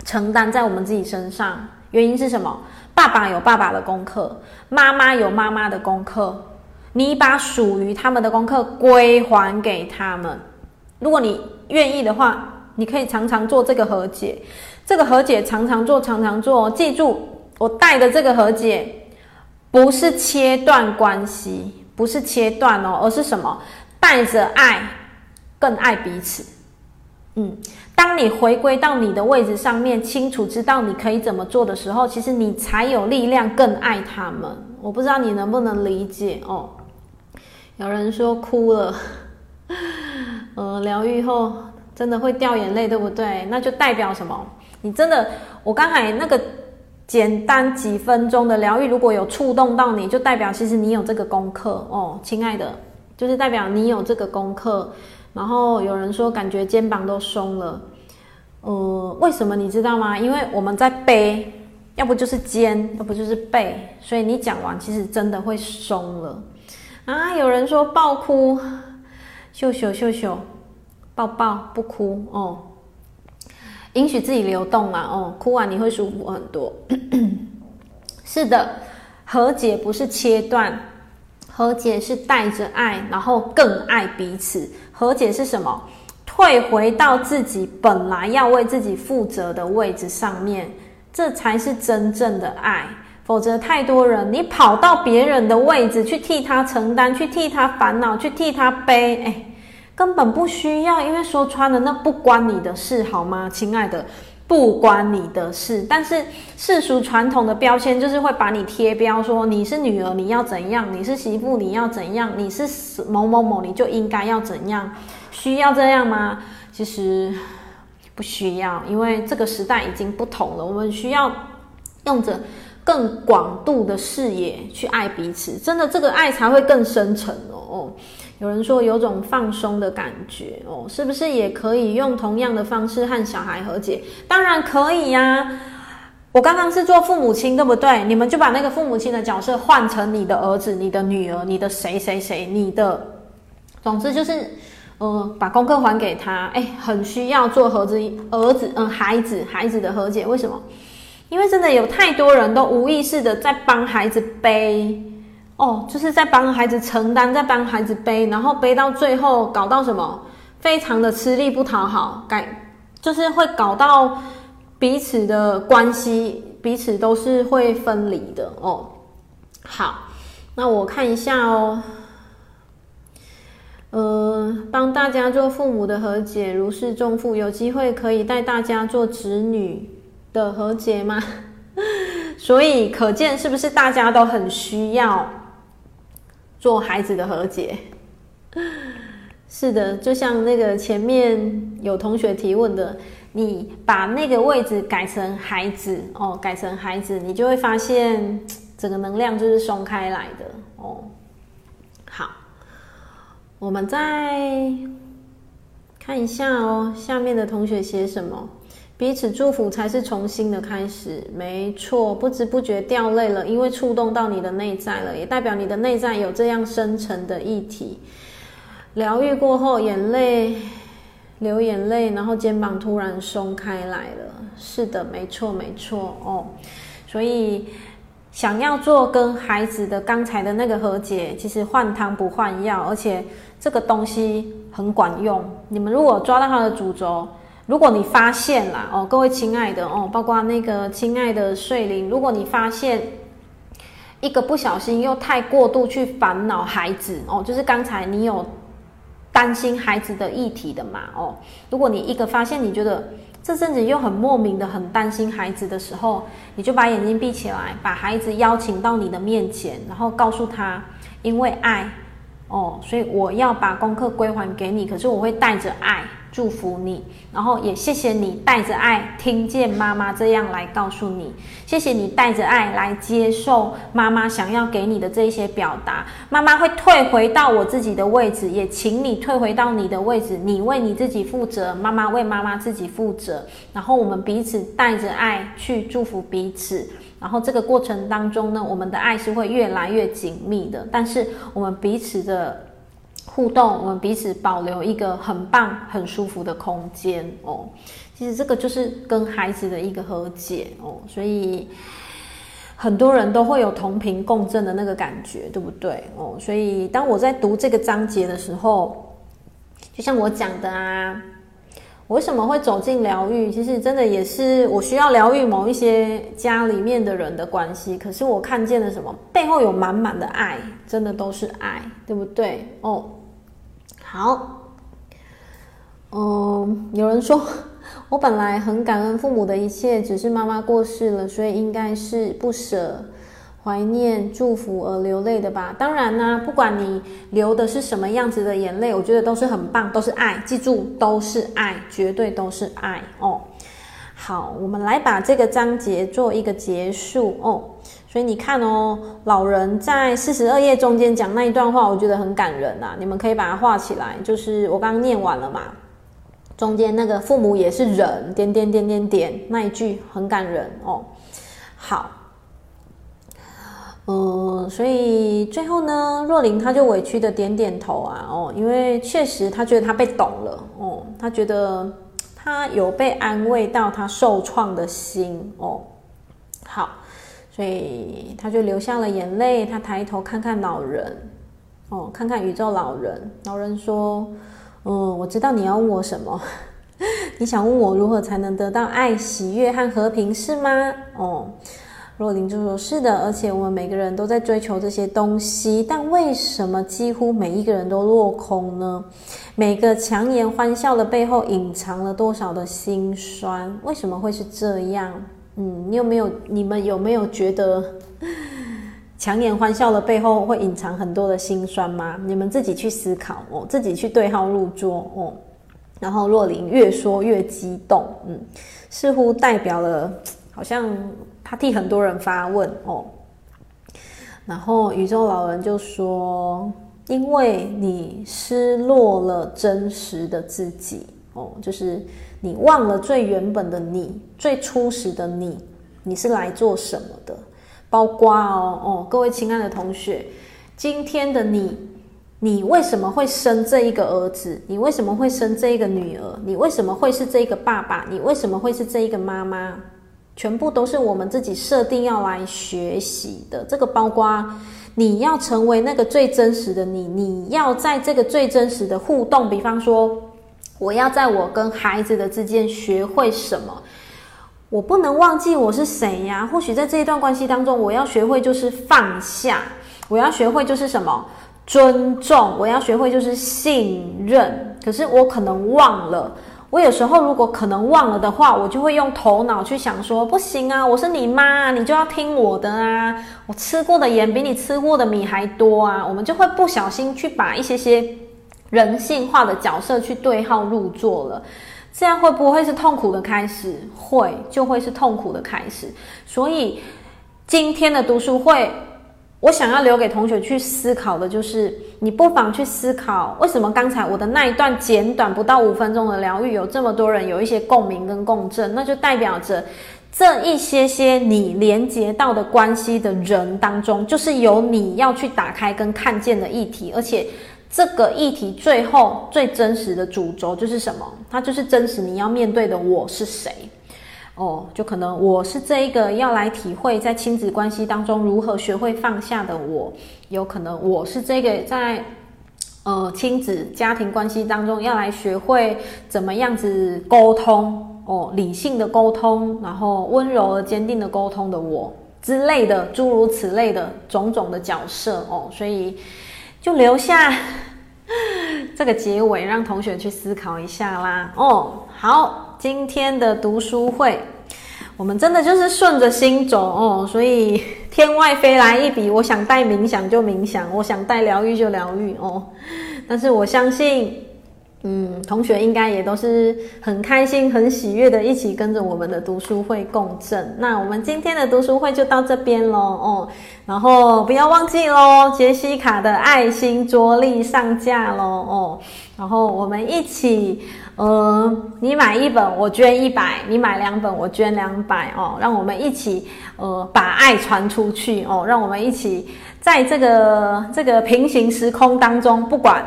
承擔在我們自己身上。原因是什麼？爸爸有爸爸的功課，媽媽有媽媽的功課。你把屬於他們的功課歸還給他們。如果你願意的話，你可以常常做這個和解。這個和解常常做，常常做哦。記住，我帶的這個和解。不是切斷關係，不是切斷哦，而是什麼？帶着愛，更愛彼此。嗯，當你回歸到你的位置上面，清楚知道你可以怎麼做的時候，其實你才有力量更愛他們。我不知道你能不能理解哦。有人說哭了，呃，療癒後真的會掉眼淚，對不對？那就代表什麼？你真的，我剛才那個。簡單幾分鐘的療癒，如果有觸動到你，就代表其實你有這個功課哦，親愛的，就是代表你有這個功課。然後有人說感覺肩膀都鬆了，嗯、呃，為什麼你知道嗎？因為我們在背，要不就是肩，要不就是背，所以你講完其實真的會鬆了啊。有人說爆哭，秀秀秀秀，抱抱不哭哦。允許自己流動啦、啊，哦，哭完你會舒服很多。 是的，和解不是切斷，和解是帶着愛，然後更愛彼此。和解是什麼？退回到自己本來要為自己負責的位置上面，這才是真正的愛。否則，太多人你跑到別人的位置去替他承擔，去替他煩惱，去替他背，欸根本不需要，因為說穿了，那不關你的事，好嗎，親愛的？不關你的事。但是世俗傳統的標籤就是會把你貼標說，說你是女兒，你要怎樣？你是媳婦，你要怎樣？你是某某某，你就應該要怎樣？需要這樣嗎？其實不需要，因為這個時代已經不同了。我們需要用着更廣度的視野去愛彼此，真的，這個愛才會更深沉、喔、哦。有人說有種放鬆的感覺哦，是不是也可以用同樣的方式和小孩和解？當然可以呀，啊！我剛剛是做父母親，對不對？你們就把那個父母親的角色換成你的兒子、你的女兒、你的誰誰誰、你的，總之就是，呃，把功課還給他。誒、欸，很需要做和子兒子、嗯、呃，孩子孩子的和解。為什麼？因為真的有太多人都無意識的在幫孩子背。哦，就是在幫孩子承擔，在幫孩子背，然後背到最後搞到什麼，非常的吃力不討好，改就是會搞到彼此的關係，彼此都是會分離的哦。好，那我看一下哦，呃，幫大家做父母的和解，如釋重負，有機會可以帶大家做子女的和解嗎？ 所以可見是不是大家都很需要？做孩子的和解，是的，就像那個前面有同學提問的，你把那個位置改成孩子哦，改成孩子，你就會發現整個能量就是鬆開來的哦。好，我們再看一下哦，下面的同學寫什麼？彼此祝福才是重新的開始，沒錯。不知不覺掉淚了，因為觸動到你的內在了，也代表你的內在有這樣深沉的議題。療癒過後，眼淚流眼淚，然後肩膀突然鬆開來了。是的，沒錯，沒錯哦。所以想要做跟孩子的剛才的那個和解，其實換湯不換藥，而且這個東西很管用。你們如果抓到它的主軸。如果你發現啦，哦，各位親愛的哦，包括那個親愛的睡靈，如果你發現一個不小心又太過度去煩惱孩子哦，就是剛才你有擔心孩子的議題的嘛哦，如果你一個發現你覺得這陣子又很莫名的很擔心孩子的時候，你就把眼睛閉起來，把孩子邀請到你的面前，然後告訴他，因為愛哦，所以我要把功課歸還給你，可是我會帶着愛。祝福你，然後也謝謝你帶着愛聽見媽媽這樣來告訴你，謝謝你帶着愛來接受媽媽想要給你的這些表達。媽媽會退回到我自己的位置，也請你退回到你的位置，你為你自己負責，媽媽為媽媽自己負責。然後我們彼此帶着愛去祝福彼此，然後這個過程當中呢，我們的愛是會越來越緊密的。但是我們彼此的。互動，我們彼此保留一個很棒、很舒服的空間哦。其實這個就是跟孩子的一個和解哦，所以很多人都會有同頻共振的那個感覺，對不對哦？所以當我在讀這個章節的時候，就像我講的啊，我為什麼會走進療癒？其實真的也是我需要療癒某一些家裡面的人的關係。可是我看見了什麼？背後有滿滿的愛，真的都是愛，對不對哦？好，嗯、呃，有人說我本來很感恩父母的一切，只是媽媽過世了，所以應該是不捨、懷念、祝福而流淚的吧？當然啦、啊，不管你流的是什麼樣子的眼淚，我覺得都是很棒，都是愛。記住，都是愛，絕對都是愛哦。好，我們來把這個章節做一個結束哦。所以你看哦，老人在四十二頁中間講那一段話，我覺得很感人啊，你們可以把它畫起來，就是我剛念完了嘛，中間那個父母也是忍點點點點點那一句很感人哦。好。嗯，所以最後呢，若琳她就委屈的點點頭啊，哦，因為確實她覺得她被懂了哦，她覺得她有被安慰到她受創的心哦。好。所以他就流下了眼淚，他抬頭看看老人，哦，看看宇宙老人。老人說：“嗯，我知道你要問我什麼， 你想問我如何才能得到愛、喜悅和和平，是嗎？”哦，若琳就說是的，而且我們每個人都在追求這些東西，但為什麼幾乎每一個人都落空呢？每個強顏歡笑的背後隱藏了多少的心酸？為什麼會是這樣？嗯，你有沒有？你們有沒有覺得強顏歡笑的背後會隱藏很多的心酸嗎？你們自己去思考哦，自己去對號入座哦。然後若琳越說越激動，嗯，似乎代表了好像他替很多人發問哦。然後宇宙老人就說：“因為你失落了真實的自己，哦，就是。”你忘了最原本的你，最初始的你，你是來做什麼的？包括哦，哦，各位親愛的同學，今天的你，你為什麼會生這一個兒子？你為什麼會生這一個女兒？你為什麼會是這一個爸爸？你為什麼會是這一個媽媽？全部都是我們自己設定要來學習的。這個包括你要成為那個最真實的你，你要在這個最真實的互動，比方說。我要在我跟孩子的之間學會什麼？我不能忘記我是誰呀。或許在這一段關係當中，我要學會就是放下，我要學會就是什麼尊重，我要學會就是信任。可是我可能忘了，我有時候如果可能忘了的話，我就會用頭腦去想說，不行啊，我是你媽啊，你就要聽我的啊。我吃過的鹽比你吃過的米還多啊，我們就會不小心去把一些些。人性化的角色去對號入座了，這樣會不會是痛苦的開始？會，就會是痛苦的開始。所以今天的讀書會，我想要留給同學去思考的，就是你不妨去思考，為什麼剛才我的那一段簡短不到五分鐘的療癒，有這麼多人有一些共鳴跟共振，那就代表着這一些些你連接到的關係的人當中，就是有你要去打開跟看見的議題，而且。這個議題最後最真實的主軸就是什麼？它就是真實你要面對的，我是誰？哦，就可能我是這一個要來體會在親子關係當中如何學會放下的我，有可能我是這個在呃親子家庭關係當中要來學會怎麼樣子溝通哦，理性的溝通，然後溫柔而堅定的溝通的我之類的，諸如此類的種種的角色哦，所以。就留下這個結尾，讓同學去思考一下啦。哦，好，今天的讀書會，我們真的就是順着心走哦。所以天外飛來一筆，我想帶冥想就冥想，我想帶療癒就療癒哦。但是我相信。嗯，同學應該也都是很開心、很喜悅的，一起跟着我們的讀書會共振。那我們今天的讀書會就到這邊嘍，哦，然後不要忘記嘍，潔西卡的愛心著作上架嘍，哦，然後我們一起，呃，你買一本我捐一百，你買兩本我捐兩百，哦，讓我們一起，呃，把愛傳出去，哦，讓我們一起在這個這個平行時空當中，不管。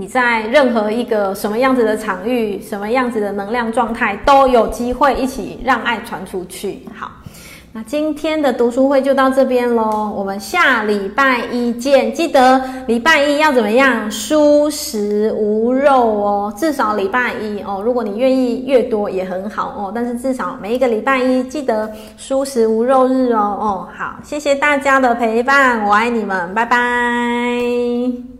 你在任何一個什麼樣子的場域、什麼樣子的能量狀態，都有機會一起讓愛傳出去。好，那今天的讀書會就到這邊咯，我們下禮拜一見。記得禮拜一要怎麼樣？蔬食無肉哦，至少禮拜一哦。如果你願意越多也很好哦，但是至少每一個禮拜一記得蔬食無肉日哦哦。好，謝謝大家的陪伴，我愛你們，拜拜。